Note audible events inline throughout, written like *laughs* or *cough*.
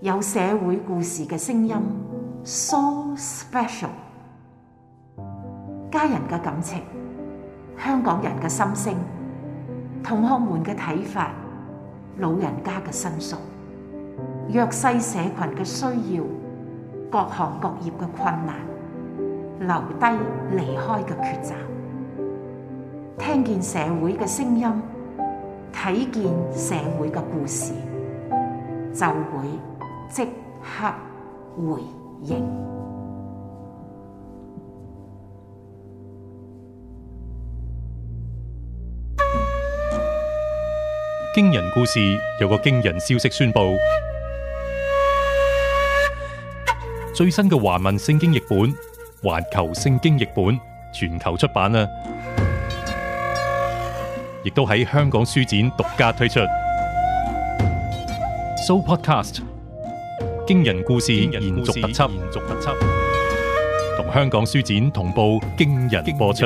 有社會故事嘅聲音，so special。家人嘅感情，香港人嘅心聲，同學們嘅睇法，老人家嘅申訴，弱勢社群嘅需要，各行各業嘅困難，即刻回應！驚人故事，有個驚人消息宣佈， *noise* 最新嘅華文聖經譯本、環球聖經譯本全球出版呀，亦 *noise* 都喺香港書展獨家推出。So Podcast。驚人故事延續特輯，延續特輯同香港書展同步驚人播出。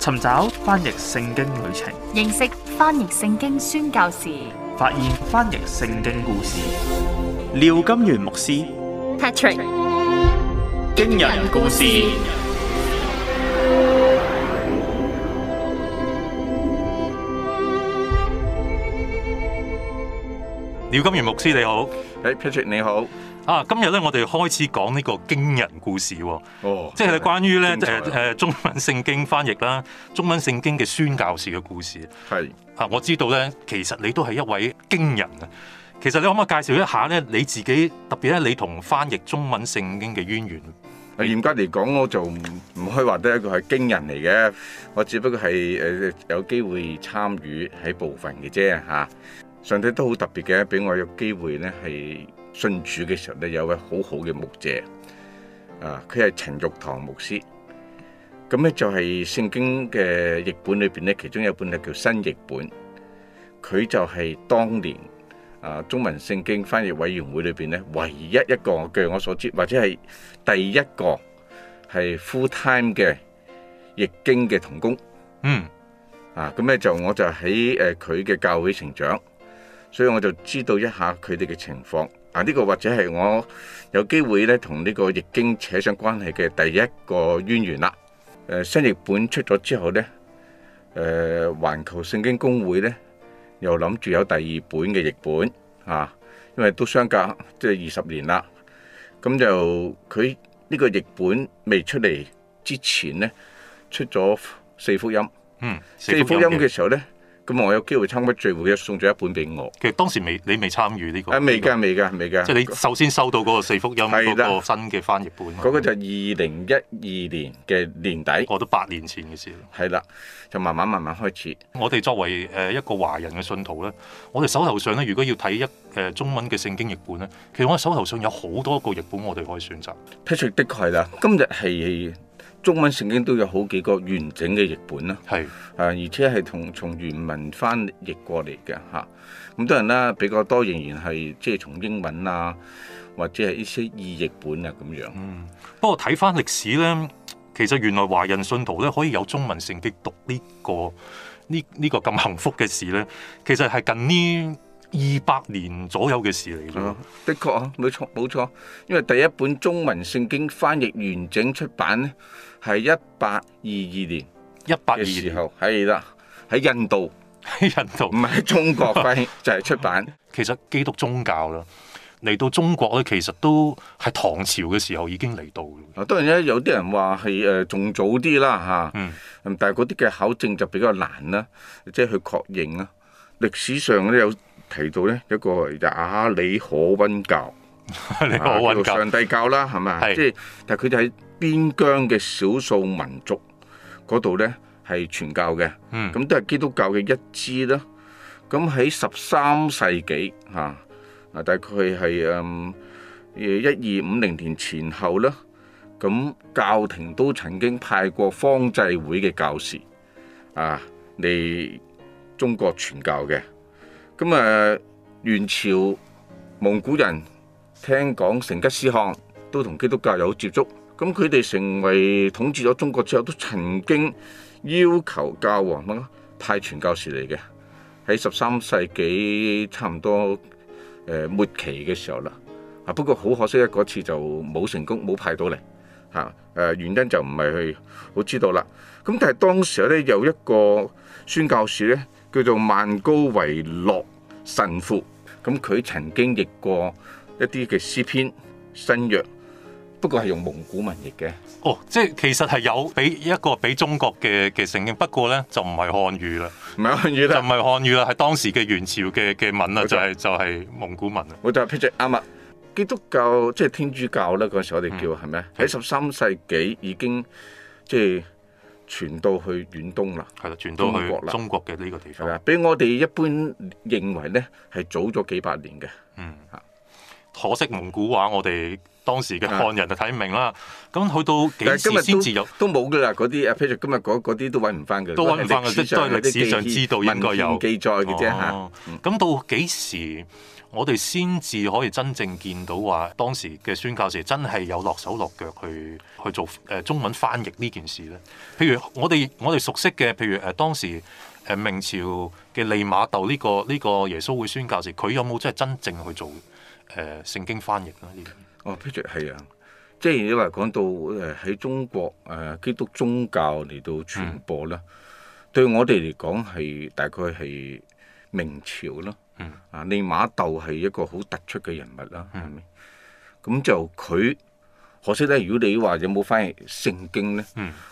尋找翻譯聖經旅程，認識翻譯聖經宣教士，發現翻譯聖經故事。廖金元牧師。Patrick，驚人故事。廖金源牧師你好，誒、hey, Patrick 你好，啊今日咧我哋開始講呢個驚人故事，哦，哦即係關於咧誒誒中文聖經翻譯啦，中文聖經嘅宣教士嘅故事，係是啊我知道咧，其實你都係一位驚人啊。其實你可唔可以介紹一下咧？你自己特別咧，你同翻譯中文聖經嘅淵源？嚴格嚟講，我就唔唔可以話得一個係驚人嚟嘅。我只不過係誒、呃、有機會參與喺部分嘅啫嚇。上帝都好特別嘅，俾我有機會咧係信主嘅時候咧，有位好好嘅牧者啊，佢係陳玉堂牧師。咁咧就係聖經嘅譯本裏邊咧，其中有本係叫新譯本，佢就係當年，啊，中文聖經翻譯委員會裏邊咧，唯一一個據我所知，或者係第一個係 full time 嘅譯經嘅同工，嗯，啊咁咧就我就喺誒佢嘅教會成長，所以我就知道一下佢哋嘅情況。啊，呢、這個或者係我有機會咧同呢個譯經扯上關係嘅第一個淵源啦。誒、呃、新譯本出咗之後咧，誒、呃、環球聖經公會咧。又諗住有第二本嘅譯本啊，因為都相隔即係二十年啦。咁就佢呢個譯本未出嚟之前咧，出咗四福音。嗯，四福音嘅時候咧。咁我有機會參加聚會，送咗一本俾我。其實當時未，你未參與呢個？未㗎、啊，未㗎，未㗎。即係你首先收到嗰個四福音嗰的個新嘅翻譯本。嗰個就二零一二年嘅年底，過咗八年前嘅事。係啦，就慢慢慢慢開始。我哋作為誒一個華人嘅信徒咧，我哋手頭上咧，如果要睇一誒、呃、中文嘅聖經譯本咧，其實我哋手頭上有好多個譯本，我哋可以選擇。Patrick 的確係啦，今日係。 *laughs* 中文聖經都有好幾個完整嘅譯本啦，係是，誒、啊，而且係同從原文翻譯過嚟嘅嚇。咁、啊、多人啦，比較多仍然係即係從英文啊，或者係一些意譯本啊咁樣。嗯，不過睇返歷史咧，其實原來華人信徒咧可以有中文聖經讀呢、這個呢呢、這個咁、這個、幸福嘅事咧，其實係近呢二百年左右嘅事嚟嘅。的確啊，冇錯冇錯，因為第一本中文聖經翻譯完整出版咧。係一八二二年一八二二時候，係啦，喺印度，喺 *laughs* 印度唔係喺中國，就係 *laughs* 出版。其實基督宗教咯，嚟到中國咧，其實都喺唐朝嘅時候已經嚟到。嗱、嗯，當然咧，有啲人話係誒仲早啲啦吓，但係嗰啲嘅考證就比較難啦，即、啊、係、就是、去確認啦。歷史上咧有提到咧一個亞里可溫教，亞里可溫教上帝教啦，係咪？即係，但係佢哋喺。邊疆嘅少數民族嗰度呢係傳教嘅，咁都係基督教嘅一支啦。咁喺十三世紀嚇啊，大概係誒一二五零年前後啦。咁教廷都曾經派過方濟會嘅教士啊嚟中國傳教嘅。咁啊，元朝蒙古人聽講成吉思汗都同基督教有接觸。咁佢哋成為統治咗中國之後，都曾經要求教皇派傳教士嚟嘅，喺十三世紀差唔多誒末期嘅時候啦。啊，不過好可惜，嗰次就冇成功，冇派到嚟。嚇誒，原因就唔係好知道啦。咁但係當時咧有一個宣教士咧，叫做曼高維洛神父，咁佢曾經譯過一啲嘅詩篇、新約。不過係用蒙古文譯嘅，哦，即係其實係有俾一個俾中國嘅嘅承認，不過咧就唔係漢語啦，唔係漢語啦錯、就是，就唔係漢語啦，係當時嘅元朝嘅嘅文啦，就係就係蒙古文啦。我就 p 哋譬如啱啊，基督教即係天主教啦，嗰、那個、時我哋叫係咩？喺十三世紀已經即係傳到去遠東啦，係啦，傳到去中國嘅呢個地方係啊，比我哋一般認為咧係早咗幾百年嘅，嗯嚇。可惜蒙古話我哋。當時嘅漢人就睇唔明啦。咁去到幾時先至有都冇㗎啦？嗰啲啊，Patrick，今日嗰啲都揾唔返嘅，都揾唔返嘅，都都係歷史上知道應該有記載嘅啫。咁到幾時我哋先至可以真正見到話當時嘅宣教士真係有落手落腳去去做誒中文翻譯呢件事咧？譬如我哋我哋熟悉嘅譬如誒當時誒明朝嘅利瑪竇呢個呢個耶穌會宣教士，佢有冇真係真正去做誒聖經翻譯咧？哦，Peter 係啊，即係你話講到誒喺、呃、中國誒、呃、基督宗教嚟到傳播啦，嗯、對我哋嚟講係大概係明朝啦，嗯、啊利瑪竇係一個好突出嘅人物啦，係咪、嗯？咁、嗯、就佢可惜咧，如果你話有冇翻譯聖經咧，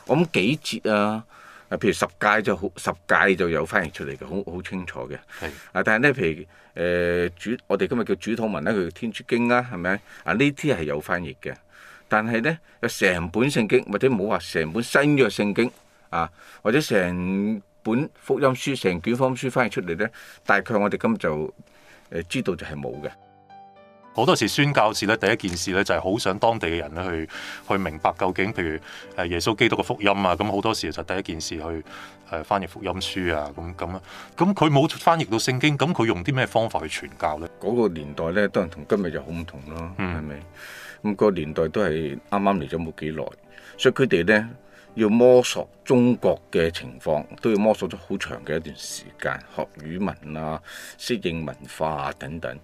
我諗、嗯、幾節啊？啊，譬如十戒就好，十戒就有翻譯出嚟嘅，好好清楚嘅。係啊，但係咧，譬如誒、呃、主，我哋今日叫主統文咧，佢叫天主經啦，係咪啊？呢啲係有翻譯嘅，但係咧，有成本聖經或者冇話成本新約聖經啊，或者成本福音書成卷福音書翻譯出嚟咧，大概我哋今日就誒、呃、知道就係冇嘅。好多時宣教士咧，第一件事咧就係好想當地嘅人咧去去明白究竟，譬如誒耶穌基督嘅福音啊，咁好多時就第一件事去誒翻譯福音書啊，咁咁啦，咁佢冇翻譯到聖經，咁佢用啲咩方法去傳教咧？嗰個年代咧，當然同今日就好唔同囉，係咪？嗯。咁嗰個年代都係啱啱嚟咗冇幾耐，所以佢哋咧要摸索中國嘅情況，都要摸索咗好長嘅一段時間，學語文啊，適應文化啊等等。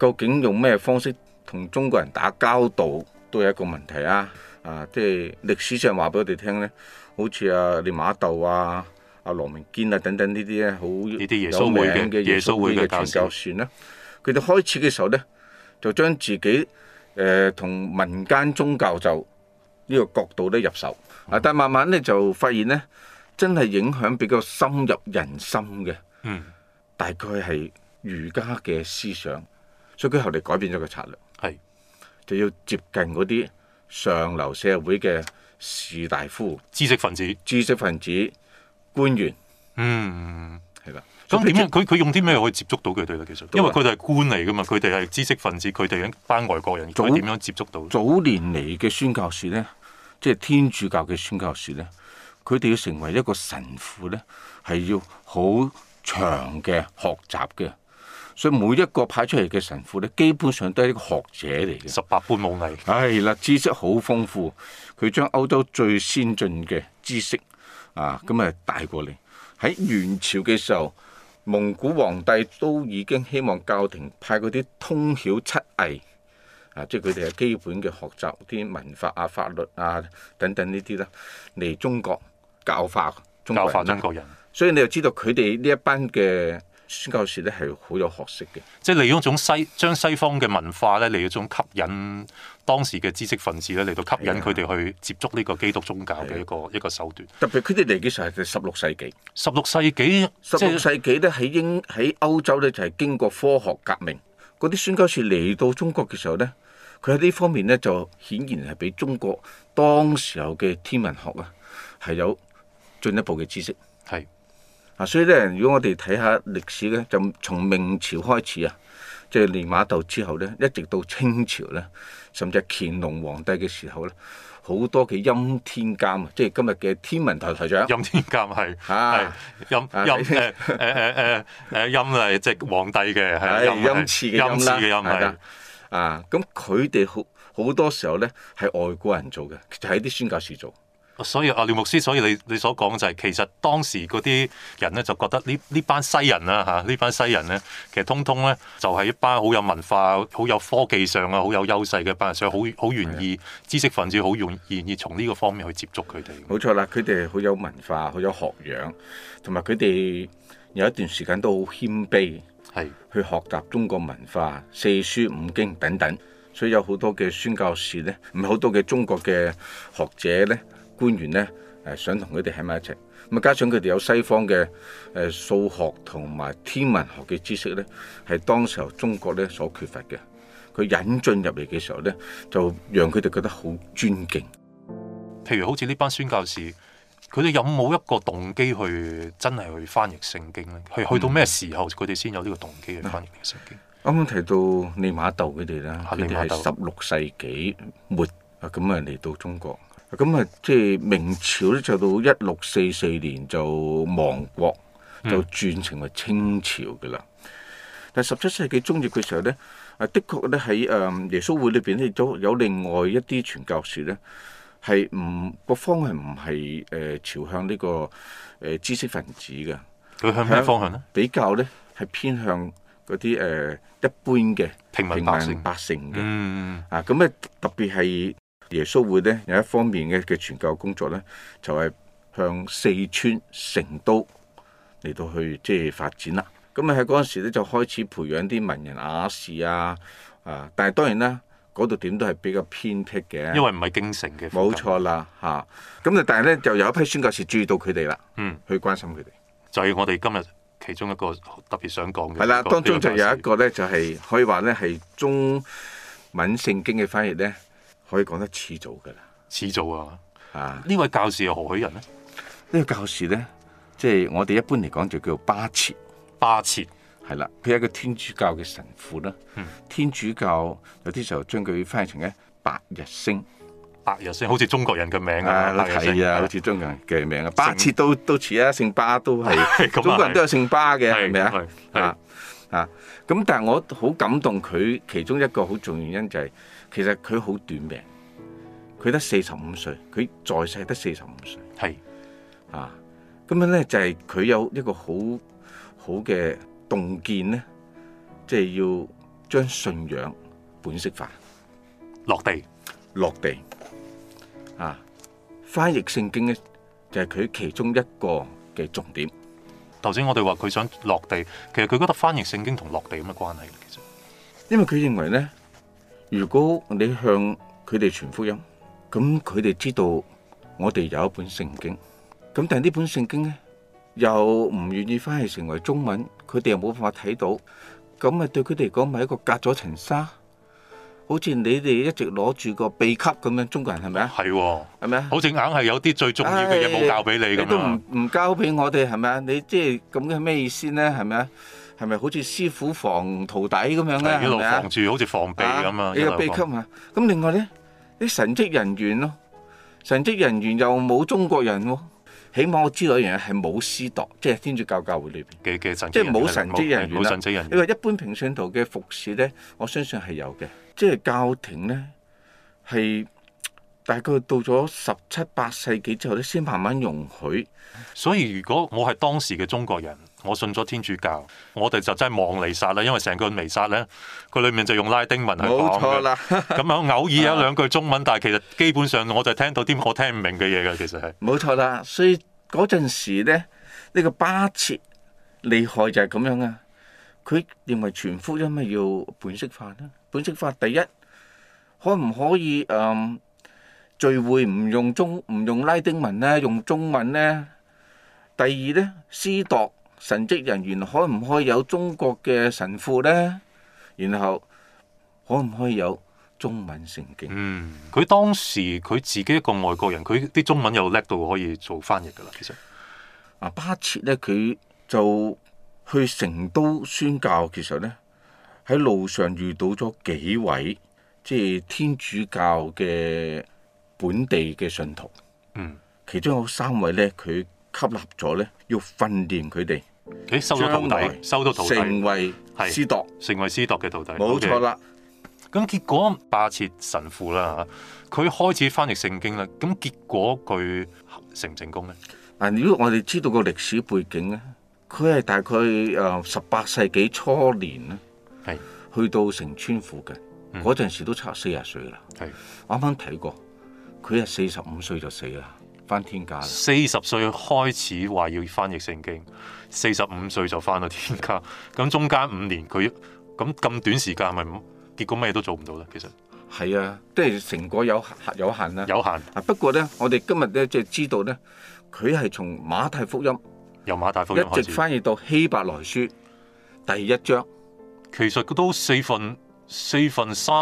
究竟用咩方式同中國人打交道都有一個問題啊！啊，即係歷史上話俾我哋聽咧，好似啊，利瑪竇啊、阿、啊、羅明堅啊等等呢啲咧，好呢啲耶穌會嘅耶穌會嘅傳教士啦。佢哋開始嘅時候咧，就將自己誒、呃、同民間宗教就呢個角度咧入手。啊，但係慢慢咧就發現咧，真係影響比較深入人心嘅。嗯，大概係儒家嘅思想。所以佢後嚟改變咗個策略，係是就要接近嗰啲上流社會嘅士大夫、知識分子、知識分子、官員。嗯，係㗎。咁點樣？佢佢用啲咩可以接觸到佢哋咧？其實，因為佢哋係官嚟噶嘛，佢哋係知識分子，佢哋一班外國人，佢點樣接觸到？早年嚟嘅宣教士咧，即係天主教嘅宣教士咧，佢哋要成為一個神父咧，係要好長嘅學習嘅。所以每一個派出嚟嘅神父咧，基本上都係一個學者嚟嘅，十八般武藝。係啦，知識好豐富，佢將歐洲最先進嘅知識啊，咁啊帶過嚟。喺元朝嘅時候，蒙古皇帝都已經希望教廷派嗰啲通曉七藝啊，即係佢哋嘅基本嘅學習啲文法啊、法律啊等等呢啲啦，嚟中國教化中國人。教化中國人，所以你又知道佢哋呢一班嘅。宣教士咧，係好有學識嘅，即係利用一種西將西方嘅文化咧，嚟一種吸引當時嘅知識分子咧，嚟到吸引佢哋去接觸呢個基督宗教嘅一個的一個手段。特別佢哋嚟嘅時候係十六世紀，十六世紀，十六世紀咧喺英喺歐洲咧，就係經過科學革命，嗰啲宣教士嚟到中國嘅時候咧，佢喺呢方面咧，就顯然係比中國當時候嘅天文學啊係有進一步嘅知識。啊，所以咧，如果我哋睇下歷史咧，就從明朝開始啊，即係利瑪竇之後咧，一直到清朝咧，甚至係乾隆皇帝嘅時候咧，好多嘅欽天監啊，即係今日嘅天文台台長。欽天監係啊，欽 *laughs* 欽誒誒誒誒欽係即係皇帝嘅 *laughs* 欽欽差嘅欽啦，啊咁佢哋好好多時候咧係外國人做嘅，就喺、是、啲宣教士做。所以阿廖牧師，所以你你所講就係其實當時嗰啲人咧，就覺得呢呢班西人啊嚇，呢、啊、班西人咧，其實通通咧就係、是、一班好有文化、好有科技上啊、好有優勢嘅班所以好好願意的知識分子好願意願意從呢個方面去接觸佢哋。冇錯啦，佢哋好有文化、好有學養，同埋佢哋有一段時間都好謙卑，係的去學習中國文化、四書五經等等，所以有好多嘅宣教士咧，唔係好多嘅中國嘅學者咧。官員咧，誒想同佢哋喺埋一齊。咁啊，加上佢哋有西方嘅誒數學同埋天文學嘅知識咧，係當時候中國咧所缺乏嘅。佢引進入嚟嘅時候咧，就讓佢哋覺得好尊敬。譬如好似呢班宣教士，佢哋有冇一個動機去真係去翻譯聖經咧？去去到咩時候佢哋先有呢個動機去翻譯聖經？啱啱、嗯啊、提到利瑪竇佢哋啦，佢哋係十六世紀末啊咁啊嚟到中國。咁啊，即係明朝咧，就到一六四四年就亡國，就轉成為清朝嘅啦。但係十七世紀中葉嘅時候咧，啊，的確咧喺誒耶穌會裏邊咧，都有另外一啲傳教士咧，係唔個方向唔係誒朝向呢個誒知識分子嘅。佢向咩方向咧？比較咧係偏向嗰啲誒一般嘅平民百姓百姓嘅。嗯嗯嗯。啊，咁咧特別係。耶穌會咧有一方面嘅嘅傳教工作咧，就係向四川成都嚟到去即係發展啦。咁啊喺嗰陣時咧就開始培養啲文人雅士啊啊！但係當然啦，嗰度點都係比較偏僻嘅，啊，因為唔係京城嘅。冇錯啦，嚇！咁啊，但係咧就有一批宣教士注意到佢哋啦，嗯，去關心佢哋，就係我哋今日其中一個特別想講嘅。係啦，當中就有一個咧，就是，就係可以話咧係中文聖經嘅翻譯咧。可以講得遲早噶啦，遲早啊！啊，呢位教士係何許人呢？呢位教士咧，即係我哋一般嚟講就叫巴切，巴切係啦，佢係一個天主教嘅神父啦。天主教有啲時候將佢翻譯成咧白日升，白日升好似中國人嘅名啊，係啊，好似中國人嘅名啊。巴切都都似啊，姓巴都係，中國人都有姓巴嘅，係咪啊？啊啊，咁但係我好感動佢，其中一個好重要原因就係。其實佢好短命，佢得四十五歲，佢在世得四十五歲。係啊，咁樣咧就係佢有一個好好嘅洞見咧，即係要將信仰本色化，落地落地啊！翻譯聖經咧就係佢其中一個嘅重點。頭先我哋話佢想落地，其實佢覺得翻譯聖經同落地有咩關係？其實，因為佢認為咧。如果你向佢哋傳福音，咁佢哋知道我哋有一本聖經，咁但係呢本聖經咧又唔願意翻去成為中文，佢哋又冇辦法睇到，咁啊對佢哋嚟講咪一個隔咗層沙，好似你哋一直攞住個秘笈咁樣，中國人係咪啊？係，係咪啊？好似硬係有啲最重要嘅嘢冇教俾你咁樣。都唔唔交俾我哋係咪啊？你即係咁嘅咩意思咧？係咪啊？係咪好似師傅防徒弟咁樣咧？係咪啊？一路防住，好似、啊、防備咁啊！呢個秘笈啊！咁、嗯、另外咧，啲神職人員咯，神職人員又冇中國人喎。起碼我知道一樣嘢係冇師鐸，即、就、係、是、天主教教會裏邊嘅嘅神，即係冇神職人員。冇神職人員。你話一般平信徒嘅服侍咧，我相信係有嘅。即係教廷咧，係大概到咗十七八世紀之後咧，先慢慢容許。所以如果我係當時嘅中國人。我信咗天主教，我哋就真係望彌撒啦。因為成個彌撒咧，佢裏面就用拉丁文去講嘅。咁啊錯， *laughs* 樣偶爾有兩句中文，但係其實基本上我就聽到啲我聽唔明嘅嘢嘅。其實係冇錯啦，所以嗰陣時咧，呢、這個巴切厲害就係咁樣啊。佢認為傳福音咪要本色化啦。本色化第一，可唔可以嗯、呃、聚會唔用中唔用拉丁文咧，用中文咧？第二咧，私讀。神職人員可唔可以有中國嘅神父呢？然後可唔可以有中文聖經？嗯，佢當時佢自己一個外國人，佢啲中文又叻到可以做翻譯㗎喇。其實巴切呢，佢就去成都宣教，其實呢，喺路上遇到咗幾位即係天主教嘅本地嘅信徒。嗯，其中有三位呢，佢吸納咗呢，要訓練佢哋。誒，收咗徒弟，收到徒弟，成為師鐸，成為師鐸嘅徒弟，冇錯啦。咁、okay. 結果霸切神父啦吓，佢開始翻譯聖經啦。咁結果佢成唔成功咧？啊，如果我哋知道個歷史背景咧，佢係大概誒十八世紀初年咧，係是去到城村附近嗰陣、嗯、時都差四十歲啦。係是，我啱啱睇過，佢係四十五歲就死啦。翻天家。四十歲開始話要翻譯聖經，四十五歲就翻到天家。咁 *laughs* 中間五年佢咁咁短時間，係咪結果咩都做唔到咧？其實係啊，即係成果有有限啦。有限。不過咧，我哋今日咧即係知道咧，佢係從馬太福音由馬太福音開始直翻譯到希伯來書第一章。其實都四份四份三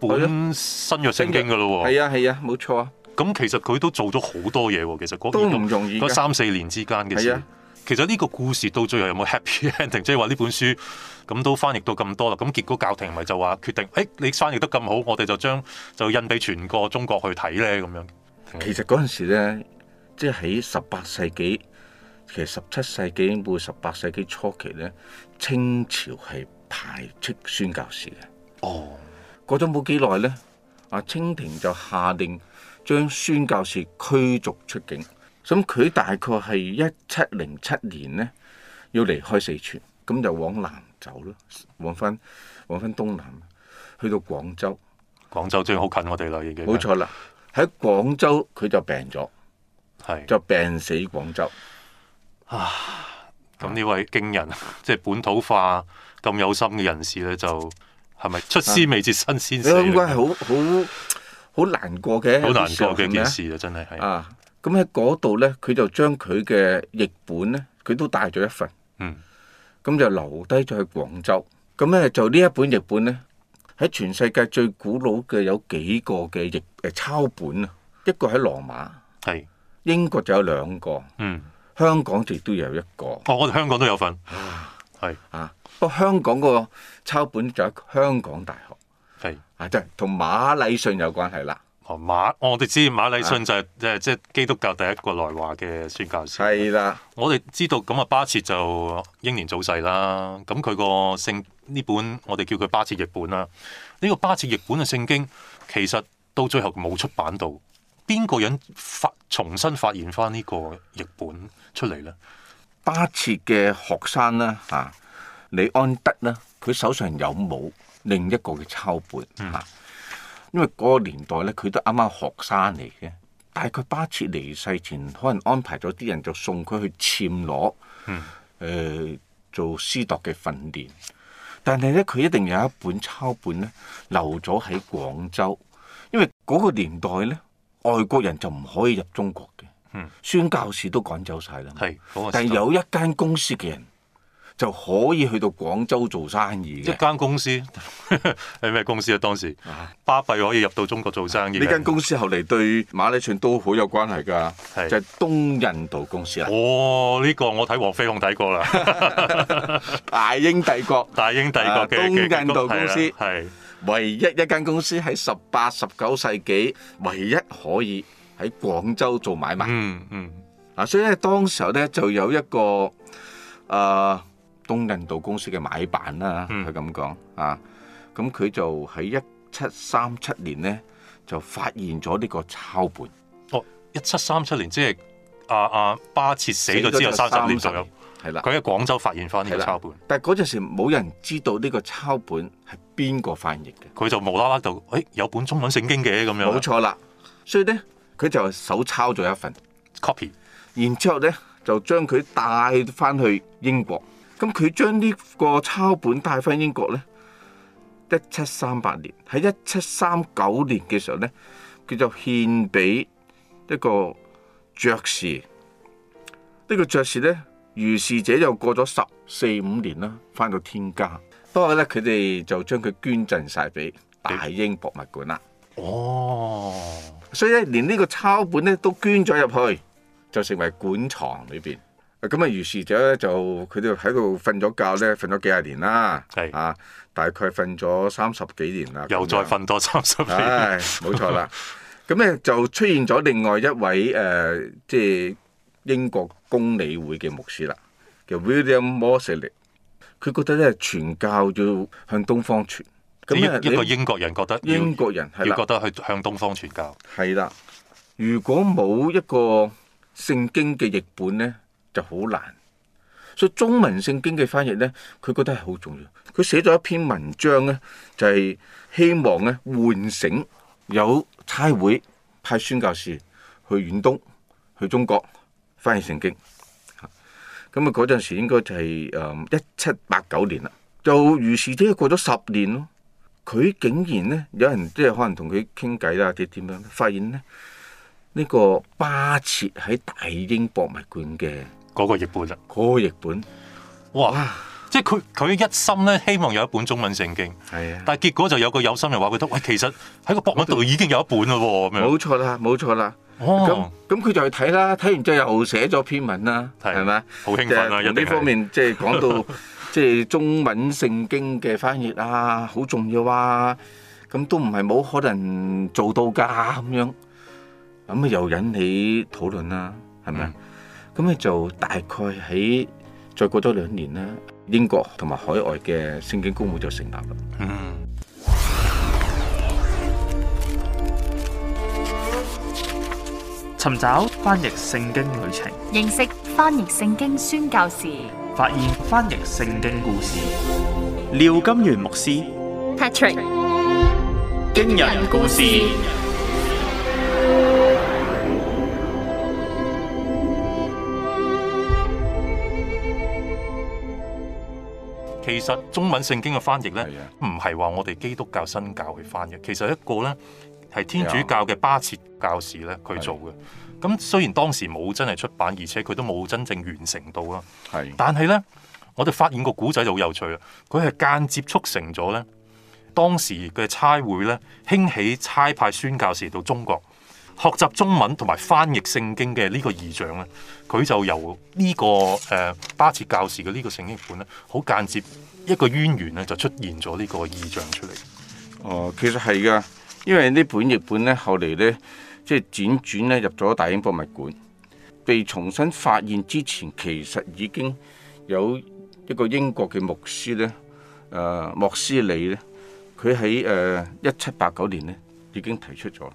本新約聖經噶咯喎。係啊係啊，冇錯啊！咁其實佢都做咗好多嘢喎。哦，其實嗰件咁嗰三四年之間嘅事，啊、其實呢個故事到最後有冇 happy ending？即係話呢本書咁都翻譯到咁多啦，咁結果教廷咪就話決定，誒、哎、你翻譯得咁好，我哋就將就印俾全個中國去睇咧咁樣。嗯、其實嗰陣時咧，即係喺十八世紀，其實十七世紀末、十八世紀初期咧，清朝係排斥宣教士嘅。哦，過咗冇幾耐咧，啊清廷就下定。將宣教士驅逐出境，咁佢大概係一七零七年呢，要離開四川，咁就往南走咯，往翻往翻東南，去到廣州。廣州真係好近我哋啦，已經。冇錯啦，喺廣州佢就病咗，係是就病死廣州。啊，咁呢位驚人，即係本土化咁有心嘅人士咧，就係咪出師未捷身先死咧？咁個係好好。好難過嘅，好難過嘅一件事，嗎真係啊！咁喺嗰度咧，佢就將佢嘅譯本咧，佢都帶咗一份，嗯，咁就留低咗喺廣州。咁咧就呢一本譯本咧，喺全世界最古老嘅有幾個嘅譯誒、呃、抄本啊？一個喺羅馬，係是英國就有兩個，嗯，香港亦都有一個。哦，我哋香港都有份，嗯、啊，係啊，不過香港個抄本就喺香港大學。同馬禮遜有關係啦。哦，馬我哋知馬禮遜就係即係基督教第一個來華嘅宣教師。係啦，我哋知道咁啊，巴切就英年早逝啦。咁佢個聖呢本我哋叫佢巴切譯本啦。呢個巴切譯本嘅聖經其實到最後冇出版到，邊個人發重新發現翻呢個譯本出嚟咧？巴切嘅學生啦，啊李安德啦，佢手上有冇？另一個嘅抄本嚇，嗯、因為嗰個年代咧，佢都啱啱學生嚟嘅，但係佢巴切離世前可能安排咗啲人就送佢去暹羅，誒、嗯呃、做師德嘅訓練。但係咧，佢一定有一本抄本咧留咗喺廣州，因為嗰個年代咧，外國人就唔可以入中國嘅，嗯、宣教士都趕走晒啦。係，那個、但係有一間公司嘅人。就可以去到廣州做生意。一間公司係咩 *laughs* 公司啊？當時、啊、巴閉可以入到中國做生意。呢間公司後嚟對馬禮遜都好有關係㗎，是就係東印度公司啊！哦，呢、這個我睇《黃飛鴻》睇過啦，大英帝國，大英帝國嘅、啊、東印度公司係、啊、唯一一間公司喺十八、十九世紀唯一可以喺廣州做買賣。嗯嗯，嗯啊，所以咧當時候咧就有一個啊。啊啊東印度公司嘅買辦啦，佢咁講啊，咁佢就喺一七三七年咧就發現咗呢個抄本。哦，一七三七年即係阿阿巴切死咗之後三十年左右，係啦。佢喺廣州發現翻呢個抄本，但係嗰陣時冇人知道呢個抄本係邊個翻譯嘅，佢就無啦啦就誒、哎、有本中文聖經嘅咁樣。冇錯啦，所以咧佢就手抄咗一份 copy，然之後咧就將佢帶翻去英國。咁佢將呢個抄本帶翻英國咧，一七三八年喺一七三九年嘅時候咧，佢就獻俾一個爵士。呢個爵士咧，如是者又過咗十四五年啦，翻到天家。但係咧，佢哋就將佢捐贈晒俾大英博物館啦。哦，所以咧，連呢個抄本咧都捐咗入去，就成為館藏裏邊。咁啊，於是者，咧就佢哋喺度瞓咗覺，咧，瞓咗幾十年啦，是啊，大概瞓咗三十幾年啦，又再瞓多三十幾年，冇錯啦。咁咧、哎、 *laughs* 就出現咗另外一位誒、呃，即係英國公理會嘅牧師啦，叫 William Moseley，佢覺得咧，傳教要向東方傳。呢呢個英國人覺得，英國人要，啦要覺得去向東方傳教。係啦，如果冇一個聖經嘅譯本咧。就好難，所以中文聖經嘅翻譯咧，佢覺得係好重要。佢寫咗一篇文章咧，就係、是、希望咧喚醒有差會派宣教士去遠東、去中國翻譯聖經。咁啊，嗰陣時應該就係誒一七八九年啦，就如是者過咗十年咯。佢竟然咧有人即係可能同佢傾偈啦，即點樣發現咧呢、呢個巴切喺大英博物館嘅。嗰個譯本啦，嗰個譯本，哇！哇即係佢佢一心咧希望有一本中文聖經，係啊，但係結果就有個有心人話佢得喂，其實喺個博物度已經有一本啦喎，咩冇錯啦，冇錯啦，咁咁佢就去睇啦，睇完之後又寫咗篇文啦，係咪？好興奮啊！又呢方面即係講到 *laughs* 即係中文聖經嘅翻譯啊，好重要哇，啊！咁都唔係冇可能做到㗎咁樣，咁啊又引起討論啦，係咪？咁你就大概喺再過多兩年呢，英國同埋海外嘅聖經公會就成立啦。嗯。尋找翻譯聖經旅程，認識翻譯聖經宣教士，發現翻譯聖經故事。廖金元牧師 Patrick，驚人故事。其實中文聖經嘅翻譯咧，唔係話我哋基督教新教去翻嘅，其實一個咧係天主教嘅巴切教士咧，佢做嘅。咁的雖然當時冇真係出版，而且佢都冇真正完成到啦。係的，但係咧，我哋發現個古仔就好有趣啦。佢係間接促成咗咧當時嘅差會咧興起差派宣教士嚟到中國。學習中文同埋翻譯聖經嘅呢個異象咧，佢就由呢、這個誒、呃、巴切教士嘅呢個聖經本咧，好間接一個淵源咧，就出現咗呢個異象出嚟。哦，其實係噶，因為本日本呢本譯本咧，後嚟咧即係輾轉咧入咗大英博物館，被重新發現之前，其實已經有一個英國嘅牧師咧，誒、呃、莫斯里咧，佢喺誒一七八九年咧已經提出咗。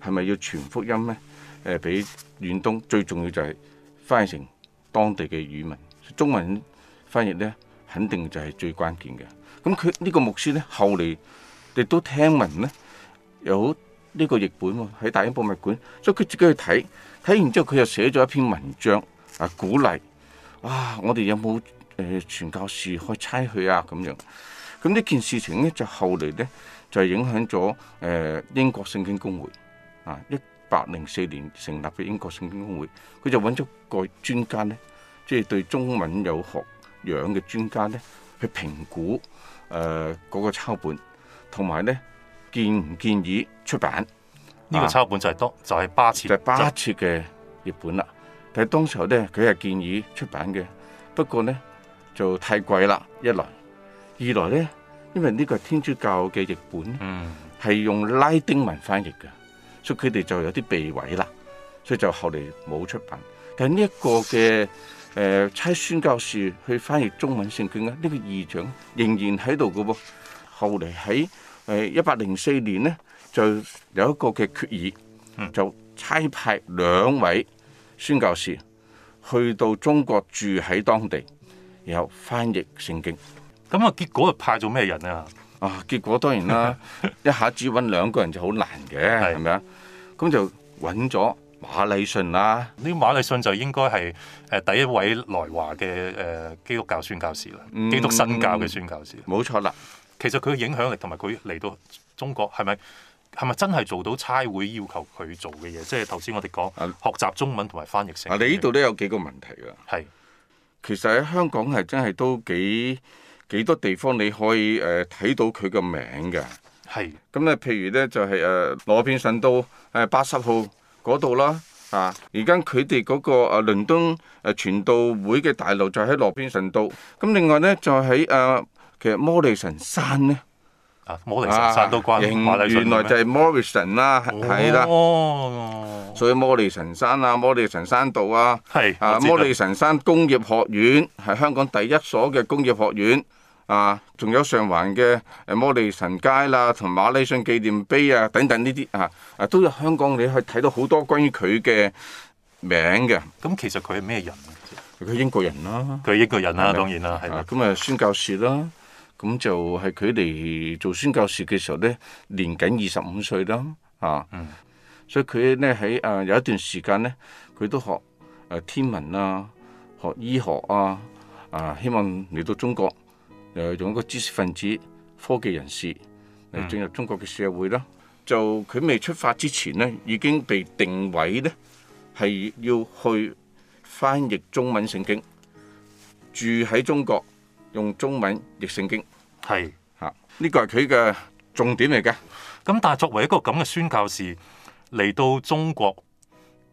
係咪要傳福音咧？誒、呃，俾遠東最重要就係翻譯成當地嘅語文。中文翻譯咧，肯定就係最關鍵嘅。咁佢呢個牧師咧，後嚟亦都聽聞咧，有呢個譯本喺大英博物館，所以佢自己去睇。睇完之後，佢又寫咗一篇文章啊、呃，鼓勵哇、啊！我哋有冇誒傳教士可以差去啊？咁樣。咁呢件事情咧，就後嚟咧就影響咗誒、呃、英國聖經公會。一八零四年成立嘅英國聖經公會，會，佢就揾咗個專家咧，即係對中文有學養嘅專家咧，去評估誒嗰、呃那個抄本，同埋咧建唔建議出版呢、啊、個抄本就係多就係巴設就係巴設嘅譯本啦。就是、但係當時候咧佢係建議出版嘅，不過咧就太貴啦。一來二來咧，因為呢個係天主教嘅譯本，係、嗯、用拉丁文翻譯嘅。所以佢哋就有啲被毀啦，所以就後嚟冇出版。但係呢一個嘅誒、呃、差宣教士去翻譯中文聖經嘅呢、呢個意象仍然喺度嘅喎。後嚟喺誒一八零四年咧，就有一個嘅決議，嗯、就差派兩位宣教士去到中國住喺當地，然後翻譯聖經。咁啊，嗯、結果派咗咩人啊？啊、哦！結果當然啦， *laughs* 一下子揾兩個人就好難嘅，係咪啊？咁就揾咗馬禮遜啦。呢馬禮遜就應該係誒第一位來華嘅誒基督教宣教士啦，嗯、基督新教嘅宣教士。冇錯啦。其實佢嘅影響力同埋佢嚟到中國係咪係咪真係做到差會要求佢做嘅嘢？即係頭先我哋講學習中文同埋翻譯成、啊。你呢度都有幾個問題㗎？係是。其實喺香港係真係都幾幾多地方你可以誒睇到佢個名嘅？係。咁咧，譬如咧就係誒羅便臣道誒八十號嗰度啦，啊！而家佢哋嗰個誒倫敦誒傳道會嘅大樓就喺羅便臣道。咁另外咧就喺誒其實摩利臣山咧，啊摩利臣山都關，原來就係 Morrison 啦，係啦。哦。所以摩利臣山啊，摩利臣山道啊，係啊摩利臣山工業學院係香港第一所嘅工業學院。啊！仲有上環嘅誒摩利臣街啦，同馬禮遜紀念碑等等啊，等等呢啲啊，啊都有香港，你去睇到好多關於佢嘅名嘅。咁其實佢係咩人啊？佢英國人啦、啊。佢英國人啦，當然啦，係啦。咁啊，宣教士啦、啊，咁就係佢哋做宣教士嘅時候咧，年僅二十五歲啦。啊，嗯，所以佢咧喺誒有一段時間咧，佢都學誒天文啊，學醫學啊，啊希望嚟到中國。誒用一個知識分子、科技人士嚟進入中國嘅社會啦，嗯、就佢未出發之前咧，已經被定位咧係要去翻譯中文聖經，住喺中國用中文譯聖經，係吓，呢個係佢嘅重點嚟嘅。咁但係作為一個噉嘅宣教士嚟到中國，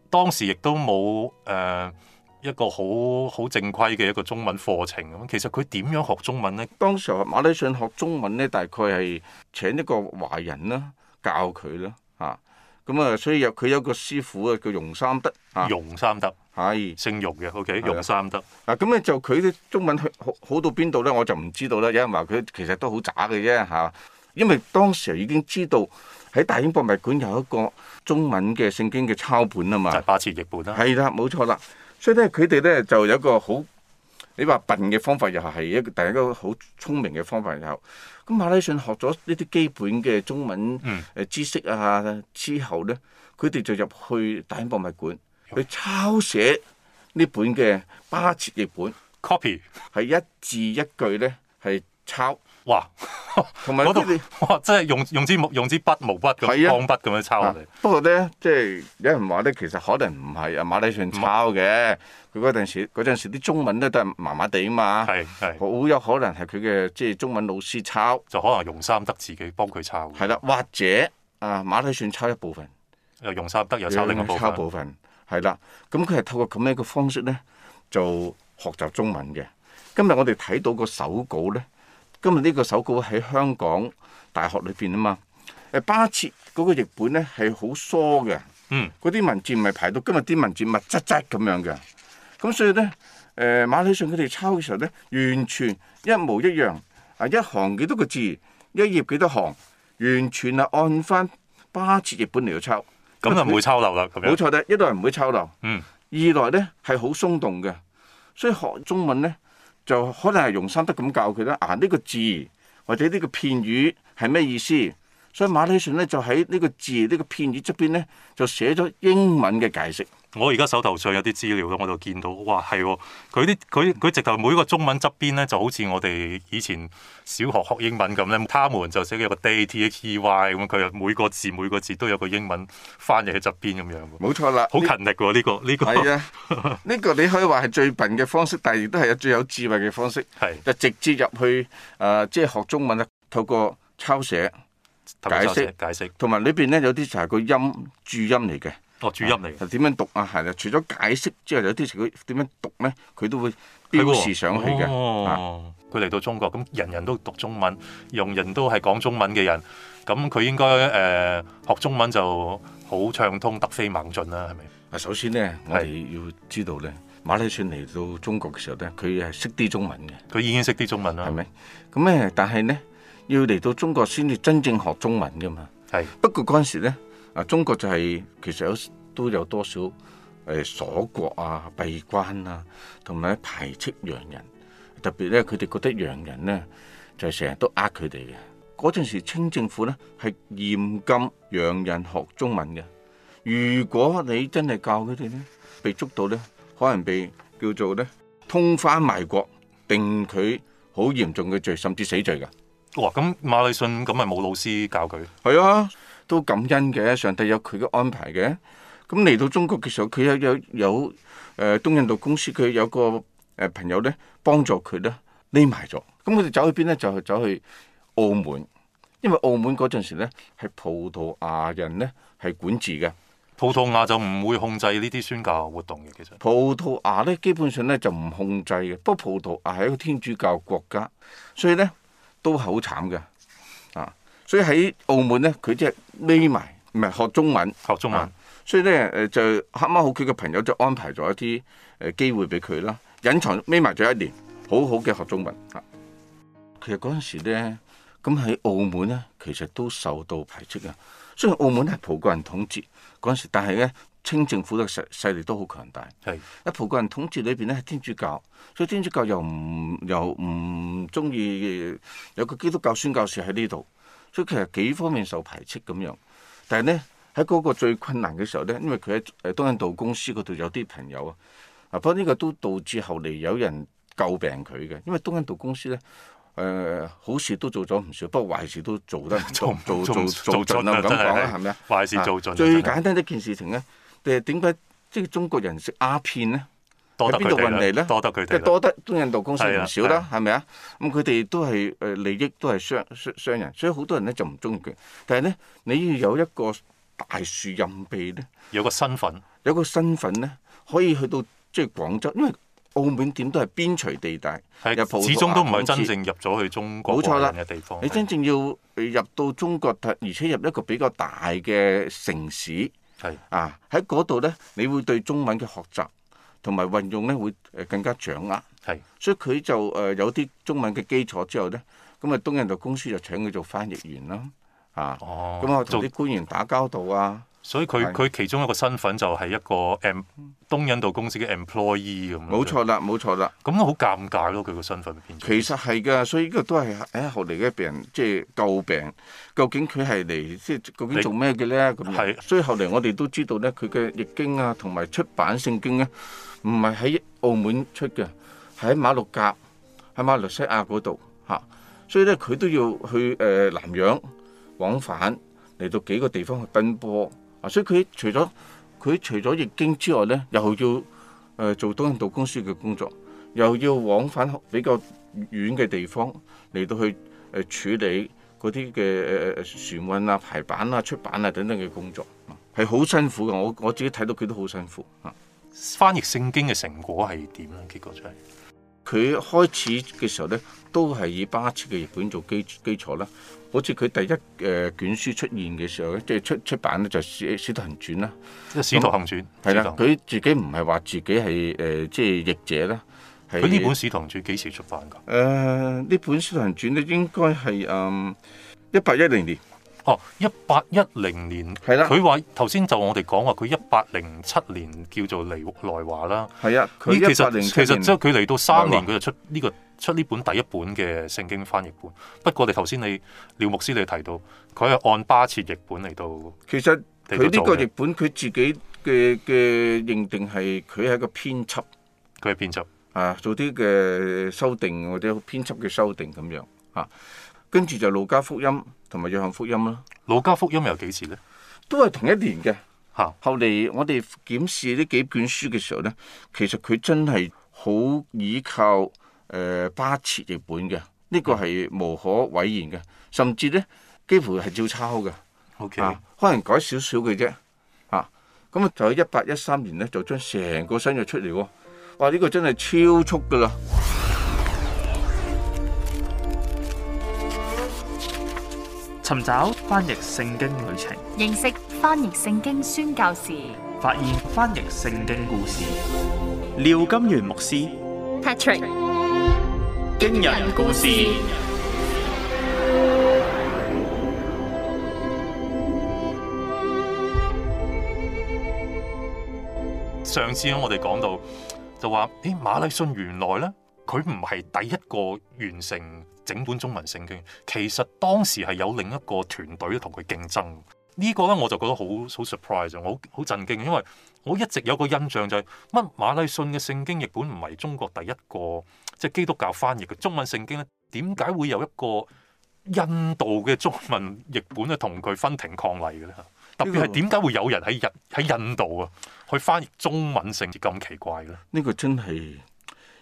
當時亦都冇誒。呃一個好好正規嘅一個中文課程咁，其實佢點樣學中文咧？當時啊，馬禮遜學中文咧，大概係請一個華人啦教佢啦嚇。咁啊，啊，所以有佢有個師傅啊，叫容三德。啊、容三德，係是。姓容嘅，O.K.、啊、容三德。嗱咁咧就佢啲中文好好，好到邊度咧？我就唔知道啦。有人話佢其實都好渣嘅啫嚇，因為當時已經知道喺大英博物館有一個中文嘅聖經嘅抄本啊嘛。八次譯本啊。係啦、啊，冇錯啦。所以咧，佢哋咧就有一個好，你話笨嘅方法又係一個，第一個好聰明嘅方法又。咁馬拉遜學咗呢啲基本嘅中文誒、嗯呃、知識啊之後咧，佢哋就入去大英博物館去抄寫呢本嘅巴切譯本、嗯、，copy 係一字一句咧係抄。哇！同埋嗰度哇，真係用用支木用支筆毛筆鋼筆咁樣、啊、抄嚟、啊。不過咧，即係有人話咧，其實可能唔係阿馬禮遜抄嘅。佢嗰陣時嗰陣時啲中文咧都係麻麻地啊嘛，係係好有可能係佢嘅即係中文老師抄，就可能容三德自己幫佢抄。係啦，或者啊，馬禮遜抄一部分，又容三德又抄另一部分。抄部分係啦，咁佢係透過咁樣嘅方式咧就學習中文嘅。今日我哋睇到個手稿咧。今日呢個手稿喺香港大學裏邊啊嘛，誒巴切嗰個譯本咧係好疏嘅，嗯，嗰啲文字唔係排到，今日啲文字密質質咁樣嘅，咁、嗯、所以咧，誒、呃、馬來信佢哋抄嘅時候咧，完全一模一樣，啊一行幾多個字，一頁幾多行，完全係按翻巴切譯本嚟到抄，咁、嗯、是就唔會抄漏啦，冇錯嘅，一來唔會抄漏，嗯，二來咧係好鬆動嘅，所以學中文咧。就可能係用心得咁教佢啦。啊，呢、這個字或者呢個片語係咩意思？所以馬禮遜咧就喺呢個字呢、呢個片語側邊咧就寫咗英文嘅解釋。我而家手頭上有啲資料咯，我就見到，哇，係喎！佢啲佢佢直頭每個中文側邊咧就好似我哋以前小學學英文咁咧，他們就寫一個 D a T H E Y 咁，佢啊每個字每個字都有個英文翻譯喺側邊咁樣。冇錯啦，好勤力喎！呢這、呢個呢、呢個係啊，呢的 *laughs* 個你可以話係最笨嘅方式，但亦都係最有智慧嘅方式。係的就直接入去啊，即、呃、係、即係、學中文啊，透過抄寫。解釋解釋，同埋裏邊咧有啲就係個音注音嚟嘅，哦，注音嚟嘅？點樣讀啊？係啦，除咗解釋之外，有啲詞佢點樣讀咧，佢都會標喎。佢標上去嘅，佢、哦、嚟、啊、到中國咁，人人都讀中文，人人都係講中文嘅人，咁佢應該誒、呃、學中文就好暢通，突飛猛進啦，係咪？啊，首先咧我係要知道咧，馬來算嚟到中國嘅時候咧，佢係識啲中文嘅，佢已經識啲中文啦，係咪？咁咧，但係咧。要嚟到中國先至真正學中文嘅嘛？係是，不過嗰陣時咧，啊中國就係其實都有都有多少誒、呃、鎖國啊、閉關啊，同埋排斥洋人。特別咧，佢哋覺得洋人咧就係成日都呃佢哋嘅。嗰陣時清政府咧係嚴禁洋人學中文嘅。如果你真係教佢哋咧，被捉到咧，可能被叫做咧通番賣國，定佢好嚴重嘅罪，甚至死罪㗎。哇！咁、哦、馬來信咁咪冇老師教佢？係啊，都感恩嘅。上帝有佢嘅安排嘅。咁嚟到中國嘅時候，佢有有有誒、呃、東印度公司，佢有個誒、呃、朋友咧幫助佢啦，匿埋咗。咁佢哋走去邊咧？就走去澳門，因為澳門嗰陣時咧係葡萄牙人咧係管治嘅。葡萄牙就唔會控制呢啲宣教活動嘅其實。葡萄牙咧基本上咧就唔控制嘅，不過葡萄牙係一個天主教國家，所以咧。都好慘嘅，啊！所以喺澳門咧，佢即係匿埋，唔係學中文，學中文。中文啊、所以咧，誒、呃、就啱啱好，佢嘅朋友就安排咗一啲誒、呃、機會俾佢啦，隱藏匿埋咗一年，好好嘅學中文啊！其實嗰陣時咧，咁喺澳門咧，其實都受到排斥啊。雖然澳門係葡國人統治嗰陣時，但係咧。清政府嘅勢勢力都好強大，係一葡國人統治裏邊咧，係天主教，所以天主教又唔又唔中意有個基督教宣教士喺呢度，所以其實幾方面受排斥咁樣。但係咧喺嗰個最困難嘅時候咧，因為佢喺東印度公司嗰度有啲朋友啊，啊不過呢個都導致後嚟有人詬病佢嘅，因為東印度公司咧誒、呃、好事都做咗唔少，不過壞事都做得 *laughs* 做做做，做盡啦，盡，真係，咁講啦，係咪啊？是是壞事做盡，啊，最簡單的一件事情咧。誒點解即係中國人食鴉片咧？喺邊度運嚟咧？多得佢哋，即係多得，多得東印度公司唔少啦，係咪啊？咁佢哋都係誒、呃、利益都係商商人，所以好多人咧就唔中意佢。但係咧，你要有一個大樹蔭庇咧，有個身份，有個身份咧，可以去到即係、就是、廣州，因為澳門點都係邊陲地帶，又的始終都唔係真正入咗去中國內地嘅地方。的你真正要入到中國，而且入一個比較大嘅城市。嗯係是啊，喺嗰度咧，你會對中文嘅學習同埋運用咧，會誒更加掌握。係是，所以佢就誒、呃、有啲中文嘅基礎之後咧，咁啊，東印度公司就請佢做翻譯員啦。啊，咁啊，同啲、啊、官員打交道啊。所以佢佢其中一個身份就係一個誒東印度公司嘅 employee 咁。冇錯啦，冇錯啦。咁好尷尬咯，佢個身份變。其實係噶，所以呢個都係誒、哎、後嚟嘅病人，即係救病。究竟佢係嚟即係究竟做咩嘅咧？咁，所以後嚟我哋都知道咧，佢嘅《易經》啊同埋出版聖經咧，唔係喺澳門出嘅，喺馬六甲、喺馬來西亞嗰度嚇。所以咧，佢都要去誒、呃、南洋往返嚟到幾個地方去奔波。啊！所以佢除咗佢除咗譯經之外咧，又要誒、呃、做東印度公司嘅工作，又要往返比較遠嘅地方嚟到去誒、呃、處理嗰啲嘅船運啊、排版啊、出版啊等等嘅工作，係好辛苦嘅。我我自己睇到佢都好辛苦。啊、翻譯聖經嘅成果係點樣？結果就係、是。佢開始嘅時候咧，都係以巴切嘅譯本做基礎基礎啦。好似佢第一誒卷書出現嘅時候咧，即係出出版咧就使《使啦使徒行傳》啦、呃。即《使徒行傳》係啦，佢自己唔係話自己係誒即係譯者啦。佢呢本《使徒行傳》幾時出版噶？誒呢、呃、本《使徒行傳》咧應該係嗯一八一零年。哦，一八一零年，佢話頭先就我哋講話，佢一八零七年叫做尼來華啦。係啊，佢一八零七年即係佢嚟到三年，佢就出呢個出呢本第一本嘅聖經翻譯本。的不過你你，我哋頭先你廖牧師你提到，佢係按巴設譯本嚟到。其實佢呢個譯本，佢自己嘅嘅認定係佢係一個編輯，佢係編輯啊，做啲嘅修訂或者編輯嘅修訂咁樣啊。跟住就路加福音。同埋約翰福音啦，路加福音又幾時咧？都係同一年嘅嚇。啊、後嚟我哋檢視呢幾卷書嘅時候咧，其實佢真係好倚靠誒、呃、巴切譯本嘅，呢、這個係無可諱言嘅，甚至咧幾乎係照抄嘅。O Okay . K，啊、可能改少少嘅啫。嚇、啊，咁啊就喺一八一三年咧就將成個新約出嚟喎。哇！呢、這個真係超速㗎啦～尋找翻譯聖經旅程，認識翻譯聖經宣教士，發現翻譯聖經故事。廖金元牧師 Patrick，驚人故事。上次我哋講到，就話誒，馬禮遜原來咧，佢唔係第一個完成，整本中文聖經，其實當時係有另一個團隊同佢競爭。呢、這個咧我就覺得好好 surprise，我好震驚，因為我一直有一個印象就係乜馬禮遜嘅聖經譯本唔係中國第一個，即係基督教翻譯嘅中文聖經咧，點解會有一個印度嘅中文譯本咧同佢分庭抗禮嘅咧？特別係點解會有人喺印喺印度啊去翻譯中文聖經，咁奇怪呢？呢個真係。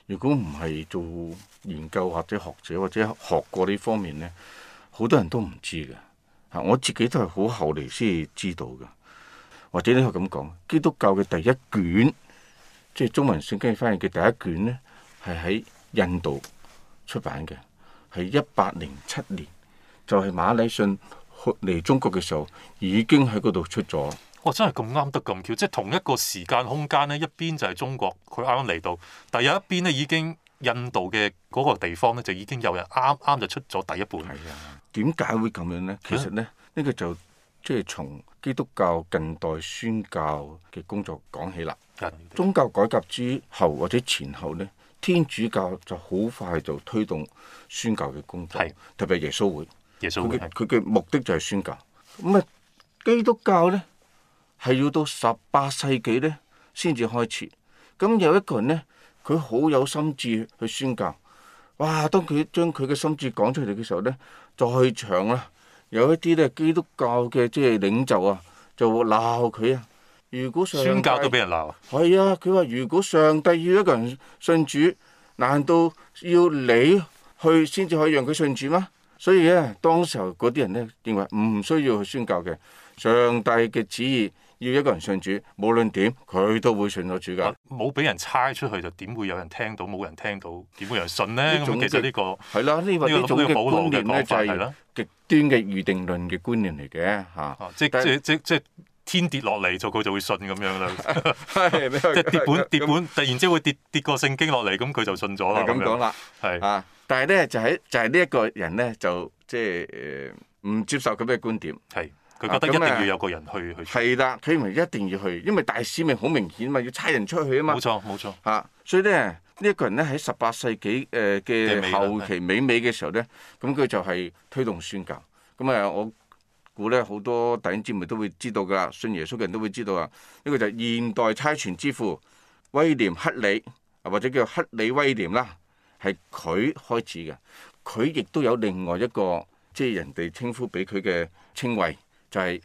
如果唔係做研究或者學者或者學過呢方面呢，好多人都唔知嘅。嚇，我自己都係好後嚟先知道嘅。或者你可以咁講，基督教嘅第一卷，即係中文聖經翻譯嘅第一卷呢，係喺印度出版嘅，係一八零七年，就係、是、馬禮遜嚟中國嘅時候已經喺嗰度出咗。哇、哦！真係咁啱得咁巧，即係同一個時間空間咧，一邊就係中國，佢啱啱嚟到，但有一邊咧已經印度嘅嗰個地方咧，就已經有人啱啱就出咗第一本。係啊，點解會咁樣咧？啊、其實咧，呢、呢個就即係、就係、從基督教近代宣教嘅工作講起啦。啊啊啊、宗教改革之後或者前後咧，天主教就好快就推動宣教嘅工作，啊、特別耶穌會。耶穌會佢嘅的、啊、目的就係宣教。咁啊，基督教咧？係要到十八世紀咧，先至開始。咁有一個人咧，佢好有心志去宣教。哇！當佢將佢嘅心志講出嚟嘅時候咧，在場啊，有一啲咧基督教嘅即係領袖啊，就會鬧佢啊。如果宣教都俾人鬧啊？係啊，佢話：如果上帝要一個人信主，難道要你去先至可以讓佢信主嗎？所以咧，當時候嗰啲人咧認為唔需要去宣教嘅，上帝嘅旨意。要一個人信主，無論點，佢都會信咗主噶。冇俾人猜出去就點會有人聽到？冇人聽到，點會有人信咧？呢種嘅呢個係啦，呢個呢種嘅觀念咧就係極端嘅預定論嘅觀念嚟嘅吓。即即即即天跌落嚟就佢就會信咁樣啦。係即跌本跌本，突然之間會跌跌個聖經落嚟，咁佢就信咗啦。咁講啦，係但係咧就喺就係呢一個人咧就即誒唔接受佢咩觀點係。佢覺得一定要有個人去去係啦，啊，佢唔係一定要去，因為大使命好明顯嘛，要差人出去啊嘛。冇錯，冇錯嚇。所以咧，呢、這、一個人咧喺十八世紀誒嘅後期尾尾嘅時候咧，咁、嗯、佢就係推動宣教。咁、嗯、啊，我估咧好多弟兄姊妹都會知道㗎啦，信耶穌嘅人都會知道啊。呢、這個就係現代差傳之父威廉克里，啊，或者叫克里威廉啦，係佢開始嘅。佢亦都有另外一個即係、就是、人哋稱呼俾佢嘅稱謂。就係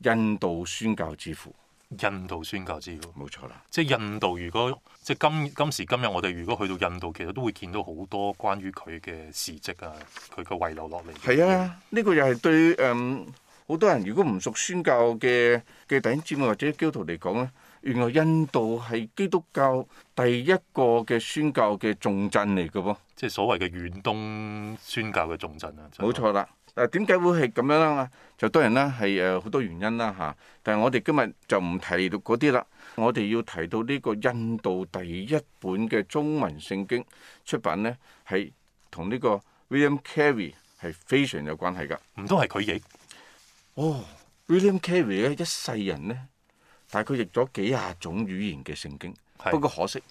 印度宣教之父，印度宣教之父，冇錯啦。即係印度，如果即係今今時今日，我哋如果去到印度，其實都會見到好多關於佢嘅事蹟啊，佢嘅遺留落嚟。係啊，呢、嗯、個又係對誒好、嗯、多人，如果唔熟宣教嘅嘅第一節目或者基督徒嚟講咧，原來印度係基督教第一個嘅宣教嘅重鎮嚟嘅喎，即係所謂嘅遠東宣教嘅重鎮啊。冇錯啦。誒點解會係咁樣啦？就當然啦，係誒好多原因啦嚇。但係我哋今日就唔提到嗰啲啦，我哋要提到呢個印度第一本嘅中文聖經出品咧，係同呢個 William Carey 係非常有關係噶。唔通係佢譯？哦、oh，William Carey 咧，一世人咧，大概佢譯咗幾廿種語言嘅聖經。的不過可惜。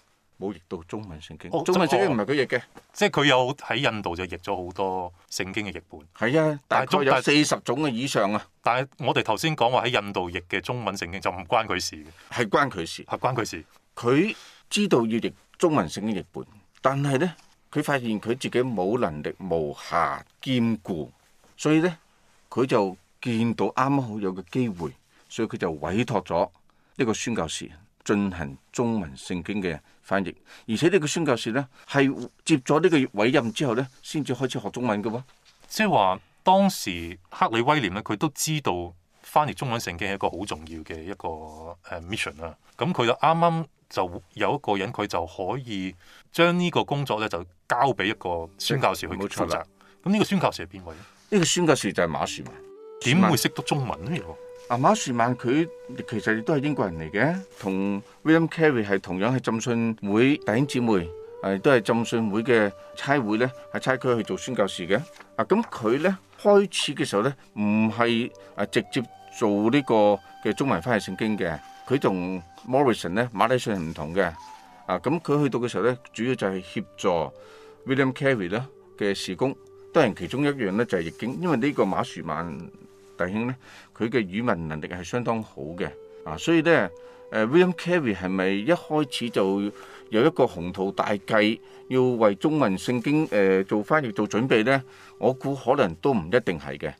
冇譯到中文聖經。哦、中文聖經唔係佢譯嘅，即係佢有喺印度就譯咗好多聖經嘅譯本。係啊，但係仲有四十種嘅以上啊。但係我哋頭先講話喺印度譯嘅中文聖經就唔關佢事嘅。係關佢事。係關佢事。佢知道要譯中文聖經譯本，但係咧佢發現佢自己冇能力無暇兼顧，所以咧佢就見到啱啱好有個機會，所以佢就委託咗呢個宣教士。進行中文聖經嘅翻譯，而且個呢個宣教士咧係接咗呢個委任之後咧，先至開始學中文嘅喎。即係話當時克里威廉咧，佢都知道翻譯中文聖經係一個好重要嘅一個誒 mission 啦、啊。咁佢就啱啱就有一個人，佢就可以將呢個工作咧就交俾一個宣教士去負責，責。咁呢個宣教士係邊位？呢個宣教士就係馬士文，點會識得中文咧？阿、啊、馬樹曼佢其實亦都係英國人嚟嘅，同 William Carey 係同樣係浸信會弟兄姐妹，誒、啊、都係浸信會嘅差會咧，喺差區去做宣教士嘅。啊，咁佢咧開始嘅時候咧，唔係誒直接做呢個嘅中文翻譯聖經嘅。佢同 Morrison 咧馬禮遜係唔同嘅。啊，咁、啊、佢去到嘅時候咧，主要就係協助 William Carey 咧嘅事工，當然其中一樣咧就係、是、譯經，因為呢個馬樹曼。弟兄咧，佢嘅語文能力係相當好嘅啊，所以咧，誒、呃、William Carey 係咪一開始就有一個宏圖大計，要為中文聖經誒、呃、做翻譯做準備咧？我估可能都唔一定係嘅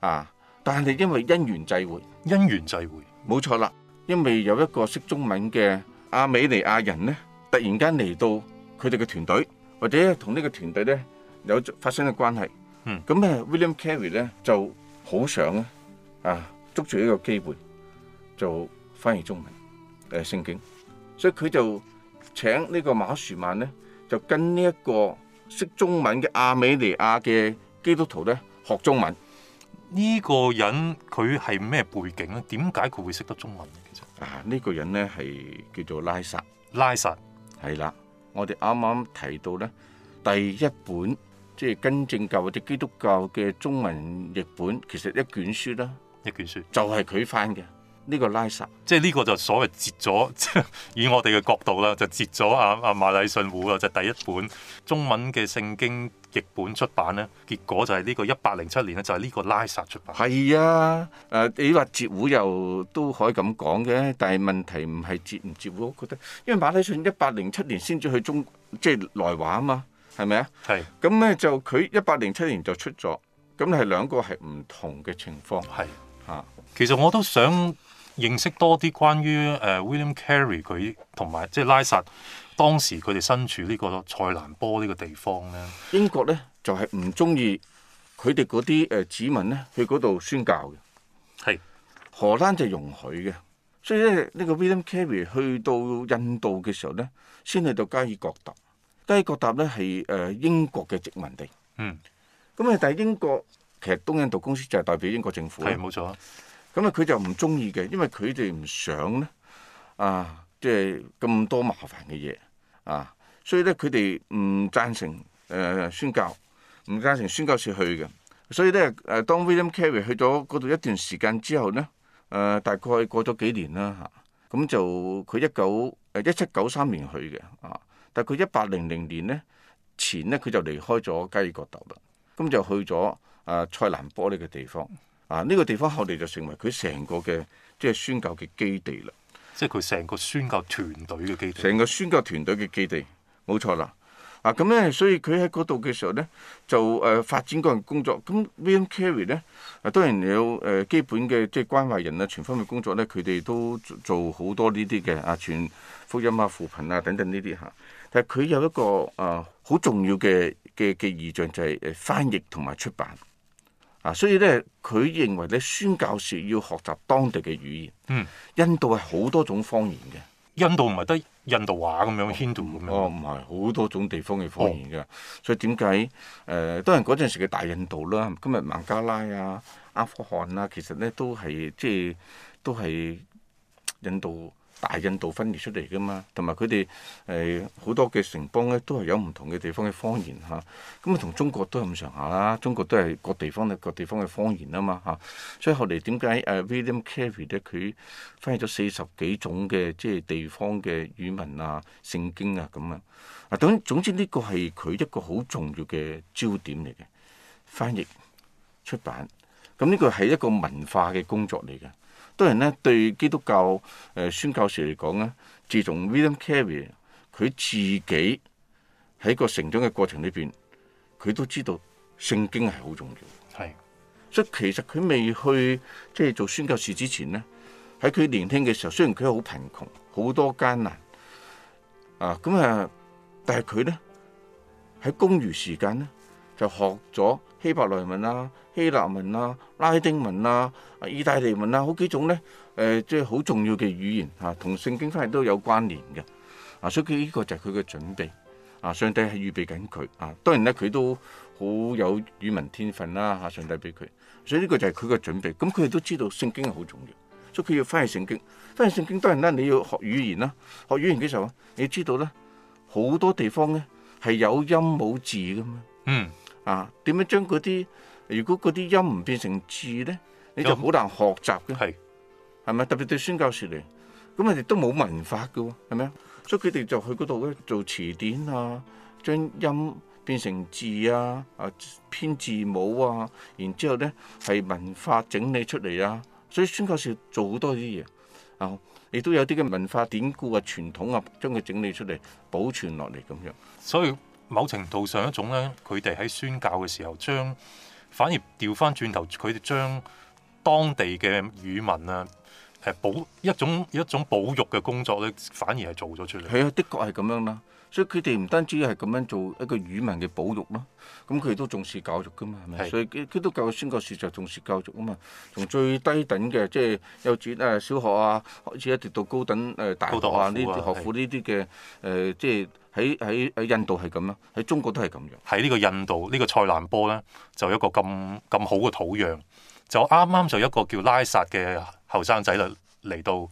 啊，但係因為因緣際會，因緣際會冇錯啦，因為有一個識中文嘅亞美尼亞人咧，突然間嚟到佢哋嘅團隊，或者同呢個團隊咧有發生嘅關係，嗯，咁咧 William Carey 咧就。好想咧，啊捉住呢個機會就翻譯中文誒、呃、聖經，所以佢就請呢個馬殊曼咧，就跟呢一個識中文嘅亞美尼亞嘅基督徒咧學中文。呢個人佢係咩背景咧？點解佢會識得中文咧？其實啊，呢、這個人咧係叫做拉薩，拉薩係啦，我哋啱啱提到咧第一本。即係跟正教或者基督教嘅中文譯本，其實一卷書啦，一卷書就係佢翻嘅呢、這個拉薩。即係呢個就所謂截糊咗，即係以我哋嘅角度啦，就截咗阿阿馬禮遜糊啊，啊就是、第一本中文嘅聖經譯本出版咧。結果就係呢個一百零七年咧，就係、是、呢個拉薩出版。係啊，誒、呃、你話截糊又都可以咁講嘅，但係問題唔係截唔截糊，我覺得因為馬禮遜一百零七年先至去中，即係來華啊嘛。係咪啊？係咁咧，是就佢一八零七年就出咗，咁係兩個係唔同嘅情況。係啊是，是其實我都想認識多啲關於誒、呃、William Carey 佢同埋即、就、係、是、拉薩當時佢哋身處呢個塞蘭坡呢個地方咧。英國咧就係唔中意佢哋嗰啲誒子民咧去嗰度宣教嘅，係是荷蘭就容許嘅，所以咧呢、這個 William Carey 去到印度嘅時候咧，先去到加爾各答。基哥達咧係誒英國嘅殖民地，嗯，咁啊，但係英國其實東印度公司就係代表英國政府，係冇錯啊。咁啊，佢就唔中意嘅，因為佢哋唔想咧啊，即係咁多麻煩嘅嘢啊，所以咧佢哋唔贊成誒宣教，唔贊成宣教士去嘅。所以咧誒，當 William Carey 去咗嗰度一段時間之後咧，誒、啊、大概過咗幾年啦嚇，咁就佢一九誒一七九三年去嘅啊。但佢一八零零年咧前咧，佢就離開咗加爾各答啦，咁就去咗啊塞蘭波呢個地方啊呢、呢個地方後嚟就成為佢成個嘅即係宣教嘅基地啦，即係佢成個宣教團隊嘅基地。成個宣教團隊嘅基地，冇錯、嗯、啦。咁咧、啊，所以佢喺嗰度嘅時候咧，就誒、呃、發展個人工作。咁 William Carey 咧，啊當然有誒基本嘅即係關懷人啊，全方位工作咧，佢哋都做好多呢啲嘅啊，全、福音啊、扶貧啊等等呢啲嚇。但係佢有一個啊好、呃、重要嘅嘅嘅異象，就係誒翻譯同埋出版。啊，所以咧，佢認為咧，宣教士要學習當地嘅語言。印度係好多種方言嘅。嗯、印度唔係得。印度話咁樣 h i n 咁樣。哦、oh，唔係、oh，好多種地方嘅方言㗎。Oh. 所以點解？誒、呃，當然嗰陣時嘅大印度啦，今日孟加拉啊、阿富汗啊，其實咧都係即係都係印度。大印度分裂出嚟噶嘛，同埋佢哋誒好多嘅城邦咧，都係有唔同嘅地方嘅方言嚇。咁啊，同中國都係咁上下啦，中國都係各地方咧，各地方嘅方言嘛啊嘛嚇。所以後嚟點解誒 William Carey 咧，佢翻譯咗四十幾種嘅即係地方嘅語文啊、聖經啊咁啊。嗱，總總之呢個係佢一個好重要嘅焦點嚟嘅，翻譯出版。咁呢個係一個文化嘅工作嚟嘅。多人咧對基督教誒、呃、宣教士嚟講咧，自從 William Carey 佢自己喺個成長嘅過程裏邊，佢都知道聖經係好重要。係是，所以其實佢未去即係做宣教士之前咧，喺佢年輕嘅時候，雖然佢好貧窮，好多艱難啊，咁啊，但係佢咧喺公餘時間咧就學咗希伯來文啊、希臘文啊、拉丁文啊、意大利文啊，好幾種咧。誒，即係好重要嘅語言嚇，同聖經翻嚟都有關聯嘅。啊，所以佢呢個就係佢嘅準備。啊，上帝係預備緊佢。啊，當然咧，佢都好有語文天分啦。嚇，上帝俾佢，所以呢個就係佢嘅準備。咁佢哋都知道聖經係好重要，所以佢要翻去聖經。翻去聖經，當然啦，你要學語言啦。學語言嘅時候啊，你知道咧，好多地方咧係有音冇字嘅咩？嗯。啊，點樣將嗰啲？如果嗰啲音唔變成字咧，你就好難學習嘅。係、嗯，係咪？特別對宣教士嚟，咁佢哋都冇文化嘅喎，係咪啊？所以佢哋就去嗰度咧做詞典啊，將音變成字啊，啊編字母啊，然之後咧係文化整理出嚟啊。所以宣教士做好多啲嘢啊，亦都有啲嘅文化典故啊、傳統啊，將佢整理出嚟保存落嚟咁樣。所以。某程度上一種咧，佢哋喺宣教嘅時候將，將反而調翻轉頭，佢哋將當地嘅語文啊，誒保一種一種保育嘅工作咧，反而係做咗出嚟。係啊，的確係咁樣啦。所以佢哋唔單止係咁樣做一個語文嘅保育咯，咁佢哋都重視教育噶嘛，係咪？是所以基基督教先嗰時就重視教育啊嘛，從最低等嘅即係幼稚啊小學啊開始，一直到高等誒大學啊呢啲學府呢啲嘅誒，即係喺喺印度係咁啊，喺中國都係咁樣。喺呢個印度呢、呢個塞蘭坡咧，就有一個咁咁好嘅土壤，就啱啱就一個叫拉薩嘅後生仔啦嚟到。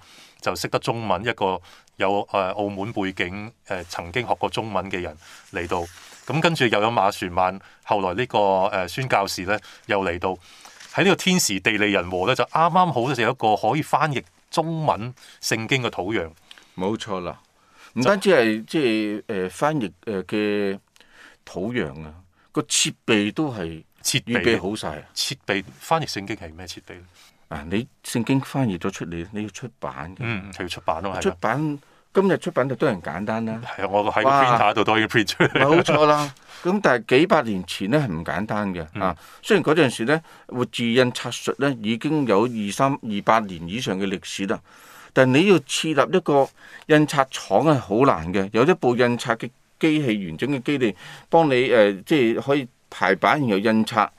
就識得中文，一個有誒、呃、澳門背景誒、呃、曾經學過中文嘅人嚟到，咁跟住又有馬船曼，後來呢、這個誒、呃、宣教士咧又嚟到，喺呢個天時地利人和咧就啱啱好，就有一個可以翻譯中文聖經嘅土壤。冇錯啦，唔就單止係即係誒翻譯誒嘅土壤啊，這個設備都係設備好曬，設備，備翻譯聖經係咩設備咧？啊！你聖經翻譯咗出嚟，你要出版嘅，係、嗯、要出版咯。出版今日出版就當然簡單啦。係啊，我喺 printer 度都可以 print 出嚟。冇錯啦。咁哇 *laughs* 但係幾百年前咧係唔簡單嘅、嗯、啊。雖然嗰陣時咧，活字印刷術咧已經有二三二百年以上嘅歷史啦。但係你要設立一個印刷廠係好難嘅。有一部印刷嘅機器，完整嘅機器，幫你誒、呃，即係可以排版然後印刷。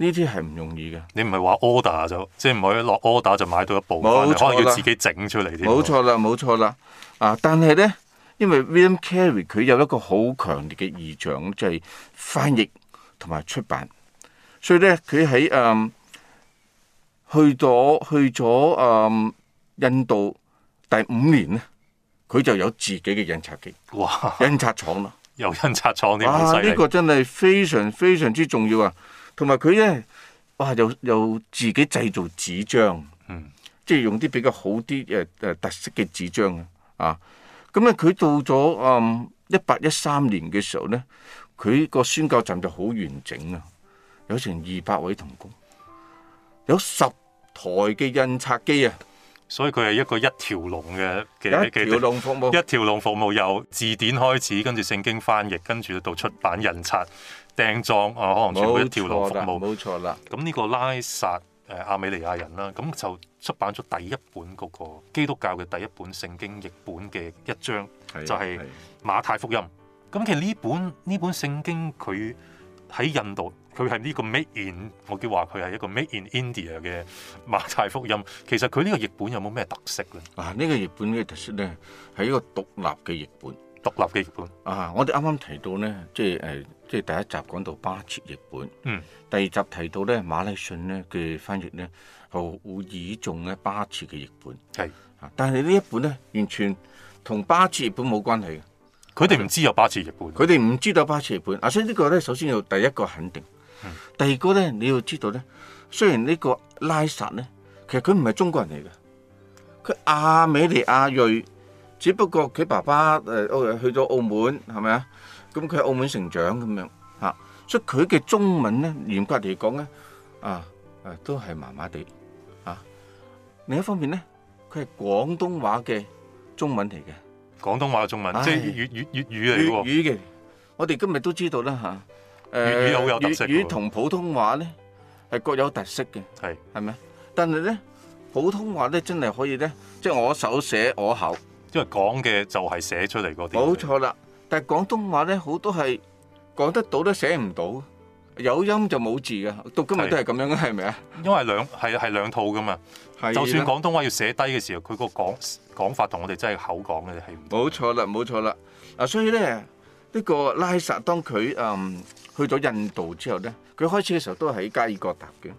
呢啲係唔容易嘅。你唔係話 order 就，即係唔可以落 order 就買到一部，可能要自己整出嚟添。冇錯啦，冇錯啦。啊，但係咧，因為 William Carey 佢有一個好強烈嘅異象，就係、是、翻譯同埋出版。所以咧，佢喺誒去咗去咗誒、嗯、印度第五年咧，佢就有自己嘅印刷機，哇！印刷廠啦，有印刷廠呢啊，呢哇個真係非常非常之重要啊！同埋佢咧，哇！又又自己製造紙張，嗯、即係用啲比較好啲誒誒特色嘅紙張啊！咁咧佢到咗誒一八一三年嘅時候咧，佢個宣教站就好完整啊！有成二百位同工，有十台嘅印刷機啊！所以佢係一個一條龍嘅一條龍服務，一條龍服務由字典開始，跟住聖經翻譯，跟住到出版印刷。訂裝啊，可能全部一條龍服務，冇錯啦。咁呢個拉薩誒阿、呃、美尼亞人啦，咁就出版咗第一本嗰個基督教嘅第一本聖經譯本嘅一章，是的 就係馬太福音。咁的其實呢本呢本聖經佢喺印度，佢係呢個 made in，我叫話佢係一個 made in India 嘅馬太福音。其實佢呢個譯本有冇咩特色咧？啊，呢、呢個譯本嘅特色咧係一個獨立嘅譯本。獨立嘅譯本啊！我哋啱啱提到咧，即係誒、呃，即係第一集講到巴切譯本，嗯，第二集提到咧馬禮遜咧嘅翻譯咧，係會倚重咧巴切嘅譯本，係是，但係呢一本咧完全同巴切譯本冇關係嘅，佢哋唔知有巴切譯本，佢哋唔知道巴切譯本，啊，所以個呢個咧首先要第一個肯定，嗯、第二個咧你要知道咧，雖然呢個拉薩咧，其實佢唔係中國人嚟嘅，佢亞美尼亞裔，裔。只不過佢爸爸誒去咗澳門，係咪啊？咁佢喺澳門成長咁樣嚇，所以佢嘅中文咧嚴格嚟講咧啊誒都係麻麻地嚇。另一方面咧，佢係廣東話嘅中文嚟嘅。廣東話嘅中文即係粵粵粵語嚟嘅喎。粵語嘅，我哋今日都知道啦嚇。粵語好有特色喎。粵語同普通話咧係各有特色嘅，係係咪啊？但係咧，普通話咧真係可以咧，即係我手寫我口。因為講嘅就係寫出嚟嗰啲，冇錯啦。但係廣東話咧，好多係講得到都寫唔到，有音就冇字嘅。到今日都係咁樣，係咪啊？吧因為兩係係兩套噶嘛。是的 就算廣東話要寫低嘅時候，佢個講講法我講同我哋真係口講嘅係唔同。冇錯啦，冇錯啦。啊，所以咧呢個拉薩當佢嗯去咗印度之後咧，佢開始嘅時候都係喺加爾各達嘅。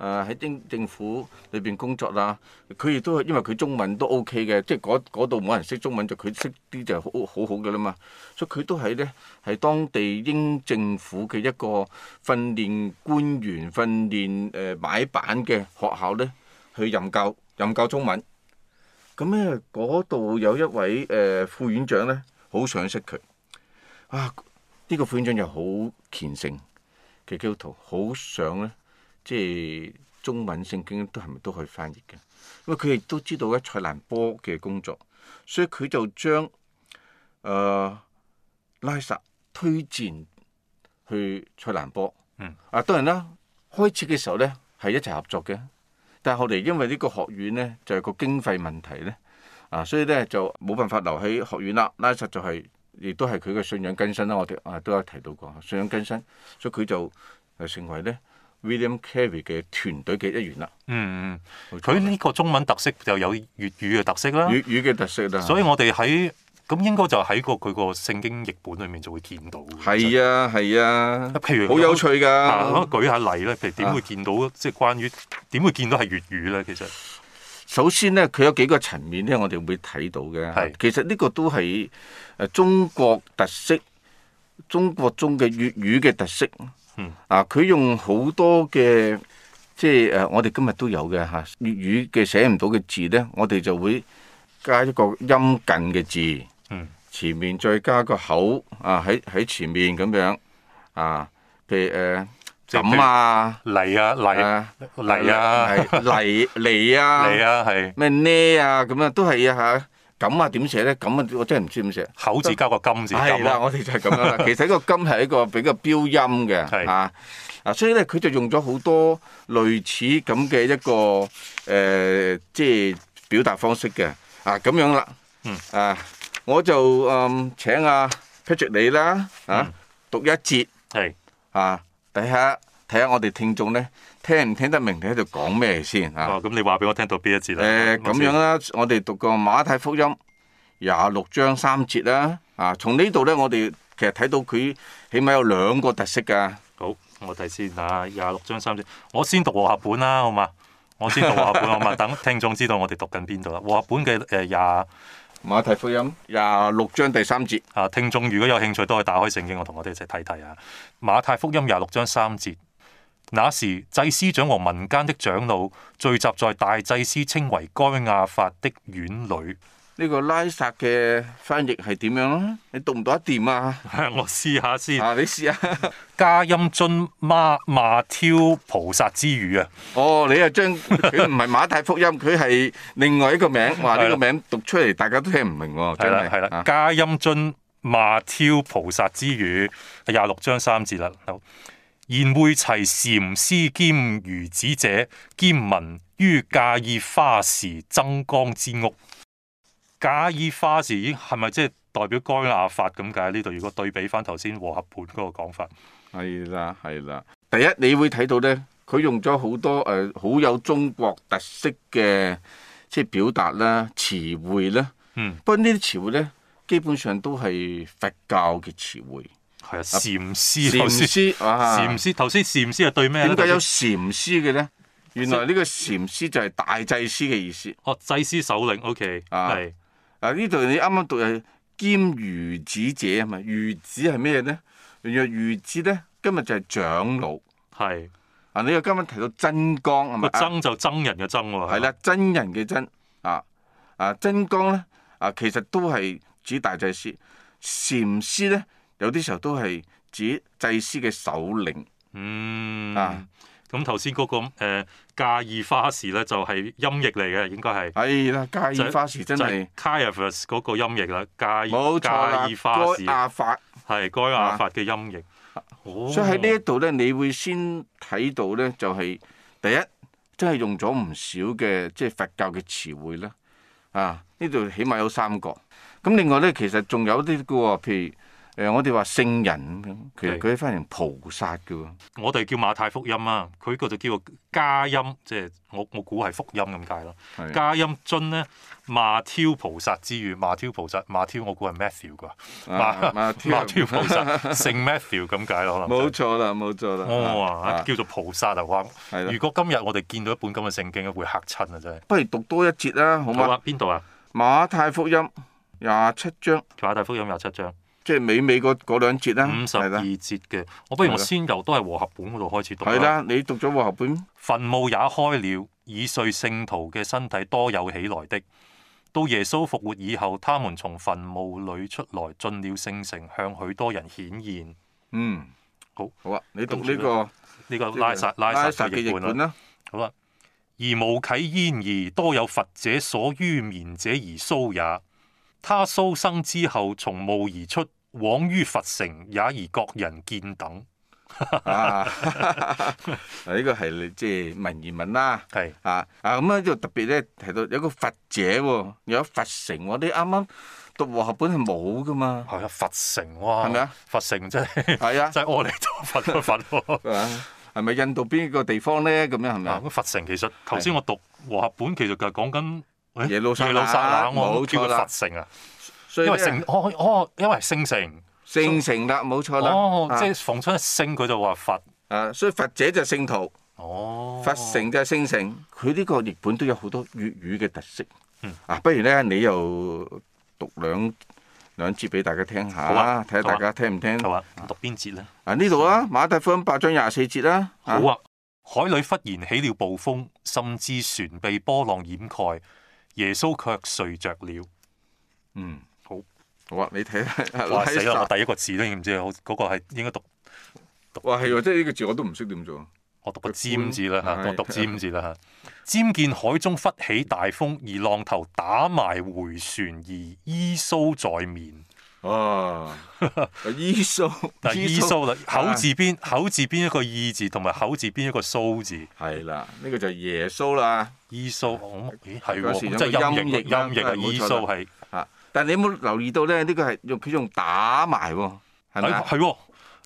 誒喺英政府裏邊工作啦，啊，佢亦都因為佢中文都 OK 嘅，即係嗰嗰度冇人識中文就佢識啲就好好好嘅啦嘛，所以佢都喺咧係當地英政府嘅一個訓練官員、訓練誒買辦嘅學校咧去任教，任教中文。咁咧嗰度有一位誒、呃、副院長咧，好想識佢。啊，呢、這個副院長又好虔誠嘅基督徒，好想咧。即係中文聖經都係咪都可以翻譯嘅？因為佢哋都知道咧蔡蘭波嘅工作，所以佢就將誒、呃、拉薩推薦去蔡蘭波。嗯。啊，當然啦，開始嘅時候咧係一齊合作嘅，但係後嚟因為呢個學院咧就係、是、個經費問題咧啊，所以咧就冇辦法留喺學院啦。拉薩就係、是、亦都係佢嘅信仰更新啦。我哋啊都有提到過信仰更新，所以佢就誒成為咧。William Carey 嘅團隊嘅一員啦。嗯，佢呢個中文特色就有粵語嘅特色啦。粵語嘅特色啦。所以我哋喺咁應該就喺個佢個聖經譯本裏面就會見到。係啊，係、就係、啊譬如。譬如好有趣㗎。我舉下例咧，譬如點會見到即係、啊、關於點會見到係粵語咧？其實首先咧，佢有幾個層面咧，我哋會睇到嘅。係。其實呢個都係誒中國特色，中國中嘅粵語嘅特色。嗯啊，佢用好多嘅即係誒、啊，我哋今日都有嘅吓，粵、啊、語嘅寫唔到嘅字咧，我哋就會加一個音近嘅字，嗯，前面再加個口啊喺喺前面咁、啊呃、樣啊譬如誒，咁啊嚟啊嚟嚟啊嚟嚟啊嚟啊係咩呢啊咁啊都係啊吓。咁啊點寫咧？咁啊，我真係唔知點寫。口字加個金字。係啦、啊的啊，我哋就係咁啦。其實個金係一個比較標音嘅啊， *laughs* 的啊，所以咧佢就用咗好多類似咁嘅一個誒、呃，即係表達方式嘅啊，咁樣啦。嗯。啊，我就誒、嗯、請阿、啊、Patrick 你啦，啊讀一節。係。啊，睇下睇下我哋聽眾咧。聽唔聽得明？你喺度講咩先啊？哦，咁你話俾我聽到邊一節啦？誒、呃，咁樣啦， *laughs* 我哋讀個馬太福音廿六章三節啦。啊，從呢度咧，我哋其實睇到佢起碼有兩個特色噶。好，我睇先啊，廿六章三節，我先讀和合本啦，好嘛？我先讀和合本，好嘛？ *laughs* 等聽眾知道我哋讀緊邊度啦。和合本嘅誒廿馬太福音廿六章第三節。啊，聽眾如果有興趣，都可以打開聖經，我同我哋一齊睇睇啊。馬太福音廿六章三節。那時，祭司長和民間的長老聚集在大祭司稱為該亞法的院裏。呢個拉薩嘅翻譯係點樣讀讀試試試啊？你讀唔讀得掂啊？我試下先。你試下，「加音尊馬馬挑菩薩之語啊！哦，你又將佢唔係馬太福音，佢係 *laughs* 另外一個名。哇，呢 *laughs* 個名讀出嚟，大家都聽唔明。係啦的，係啦、啊，加音尊馬挑菩薩之語係廿六章三字啦。好。然會齊禪師兼儒子者，兼文於假意花時增光之屋。假意花時係咪即係代表該亞法咁解？呢度如果對比翻頭先和合本嗰個講法，係啦，係啦。第一你會睇到咧，佢用咗好多誒好、呃、有中國特色嘅即係表達啦、詞彙啦。嗯，不過詞彙呢啲詞彙咧，基本上都係佛教嘅詞彙。係啊，禪師頭先，禪師頭先，禪師啊，對咩啊？點解有禪師嘅咧？原來呢個禪師就係大祭師嘅意思。哦，祭師首領，OK 啊。係是啊，呢度你啱啱讀係兼如子者啊嘛。如子係咩嘢咧？若如子咧，今日就係長老。係是啊，你又今日提到真光啊嘛。是是個真就真人嘅真喎、啊。係啦，真人嘅真啊啊，啊，真光咧啊，其實都係指大祭師。禪師咧。有啲時候都係指祭司嘅首領，嗯啊。咁頭先嗰個誒介意花事咧，就係音譯嚟嘅，應該係係啦。介意、哎、花事真係 Kyavas 嗰個音譯啦。介介意花事。冇錯啦。該亞法係該亞法嘅音譯，啊、所以喺呢一度咧，你會先睇到咧，就係、是、第一真係、就是、用咗唔少嘅即係佛教嘅詞彙啦。啊，呢度起碼有三個。咁另外咧，其實仲有啲嘅喎，譬如。譬如誒，我哋話聖人咁樣，其實佢翻成菩薩嘅喎。我哋叫馬太福音啊，佢呢個就叫嘉音，即係我我估係福音咁解咯。嘉音尊咧，馬挑菩薩之語，馬挑菩薩，馬挑我估係 Matthew 㗎，馬馬挑菩薩，聖 Matthew 咁解咯。可能冇錯啦，冇錯啦。哇，叫做菩薩嘅話。如果今日我哋見到一本咁嘅聖經，會嚇親啊！真係不如讀多一節啦，好嗎？邊度啊？馬太福音廿七章。馬太福音廿七章。即係美美個嗰兩節啦，五十二節嘅，的我不如我先由的都係和合本嗰度開始讀。係啦，你讀咗和合本，墳墓也開了，以遂聖徒嘅身體多有起來的。到耶穌復活以後，他們從墳墓裏出來，進了聖城，向許多人顯現。嗯，好，好啊，你讀呢着、這個呢、這個拉撒拉撒嘅譯本啦。好啦、啊，而無啟煙而多有佛者所於眠者而蘇也。他蘇生之後，從墓而出。往於佛城，也而各人見等。啊， *laughs* *laughs* 嗱，呢個係即係文言文啦。係啊，啊，咁啊，呢、嗯、度特別咧提到有個佛者喎，有佛城喎。你啱啱讀和合本係冇噶嘛？係啊，佛城哇，係咪啊？佛城真係，係啊，真係阿彌陀佛個佛喎。係咪印度邊個地方咧？咁樣係咪啊？佛城，其實頭先我讀和合本其實就講緊耶路撒冷，我好叫佢佛城啊。因為聖，哦哦，因為聖城，聖城啦，冇錯啦。即係逢親聖，佢就話佛。啊，所以佛者就聖徒。哦。佛城就聖城，佢呢個譯本都有好多粵語嘅特色。嗯。啊，不如咧，你又讀兩兩節俾大家聽下，睇下大家聽唔聽。係嘛？讀邊節咧？啊，呢度啦，《馬太福音》八章廿四節啦。好啊。海裏忽然起了暴風，甚至船被波浪掩蓋，耶穌卻睡着了。嗯。好啊，你睇睇，哇死啦！我第一個字都唔知，好嗰個係應該讀。哇係即係呢個字我都唔識點做。我讀個尖字啦嚇，我讀尖字啦嚇。尖見海中忽起大風，而浪頭打埋回旋，而伊蘇在面。哦，伊蘇嗱伊蘇啦，口字邊口字邊一個「伊」字，同埋口字邊一個蘇字。係啦，呢個就係耶穌啦。伊蘇，咦係喎，即係音譯音譯嘅伊蘇係。但你有冇留意到咧？呢個係用佢仲打埋喎，係咪？係喎！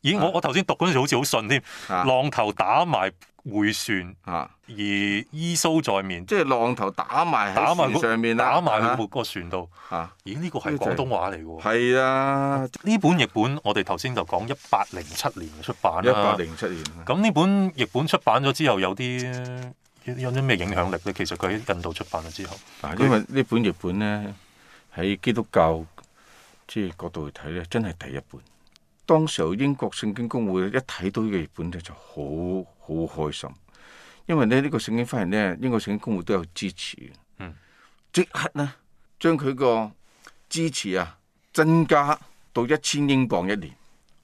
咦，我我頭先讀嗰陣時好似好順添，浪頭打埋回船，而衣蘇在面，即係浪頭打埋打埋上面打埋喺個船度。啊、咦、呢、這個係廣東話嚟喎。係啊，呢一本譯本我哋頭先就講一八零七年嘅出版。一八零七年。咁呢本譯本出版咗之後有，有啲有啲咩影響力咧？其實佢喺印度出版咗之後，因為呢本譯本咧。喺基督教即係角度去睇咧，真係第一本。當時英國聖經公會一睇到呢本咧，就好好開心，因為咧呢、呢個聖經翻譯咧，英國聖經公會都有支持。嗯，即刻咧將佢個支持啊增加到一千英鎊一年。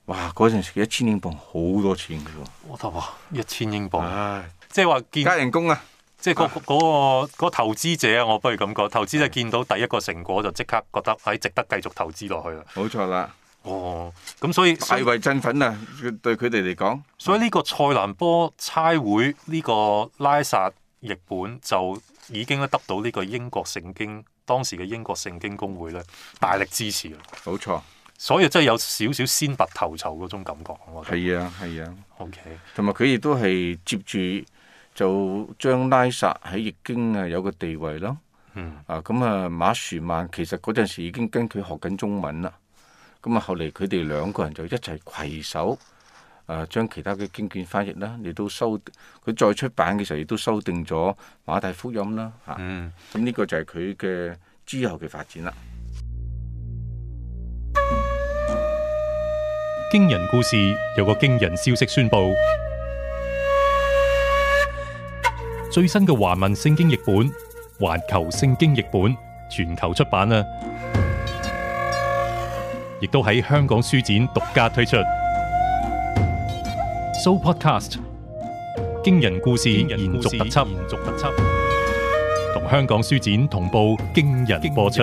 哇！嗰陣時一千英鎊好多錢㗎喎。我得喎，一千英鎊。唉是，啊、即係話加人工啊！即係嗰嗰個投資者，我不如咁講，投資者見到第一個成果就即刻覺得喺值得繼續投資落去啦。冇錯啦，哦，咁所以大為振奮啊！對佢哋嚟講，所以呢個塞蘭波差會呢、呢個拉薩譯本就已經咧得到呢個英國聖經當時嘅英國聖經公會咧大力支持啦。冇錯，所以真係有少少先拔頭籌嗰種感覺喎。係啊，係啊，OK。同埋佢亦都係接住。就將拉薩喺《易經》啊有個地位咯，嗯、啊咁啊馬樹曼其實嗰陣時已經跟佢學緊中文啦，咁啊後嚟佢哋兩個人就一齊攜手啊將其他嘅經卷翻譯啦，亦都修佢再出版嘅時候亦都修訂咗馬太福音啦嚇，咁、啊、呢、嗯啊啊這個就係佢嘅之後嘅發展啦。嗯嗯嗯、驚人故事，有個驚人消息宣布。最新嘅華文聖經譯本、環球聖經譯本，全球出版啦，亦都喺香港書展獨家推出。So Podcast，驚人故事延續特輯，同香港書展同步驚人播出。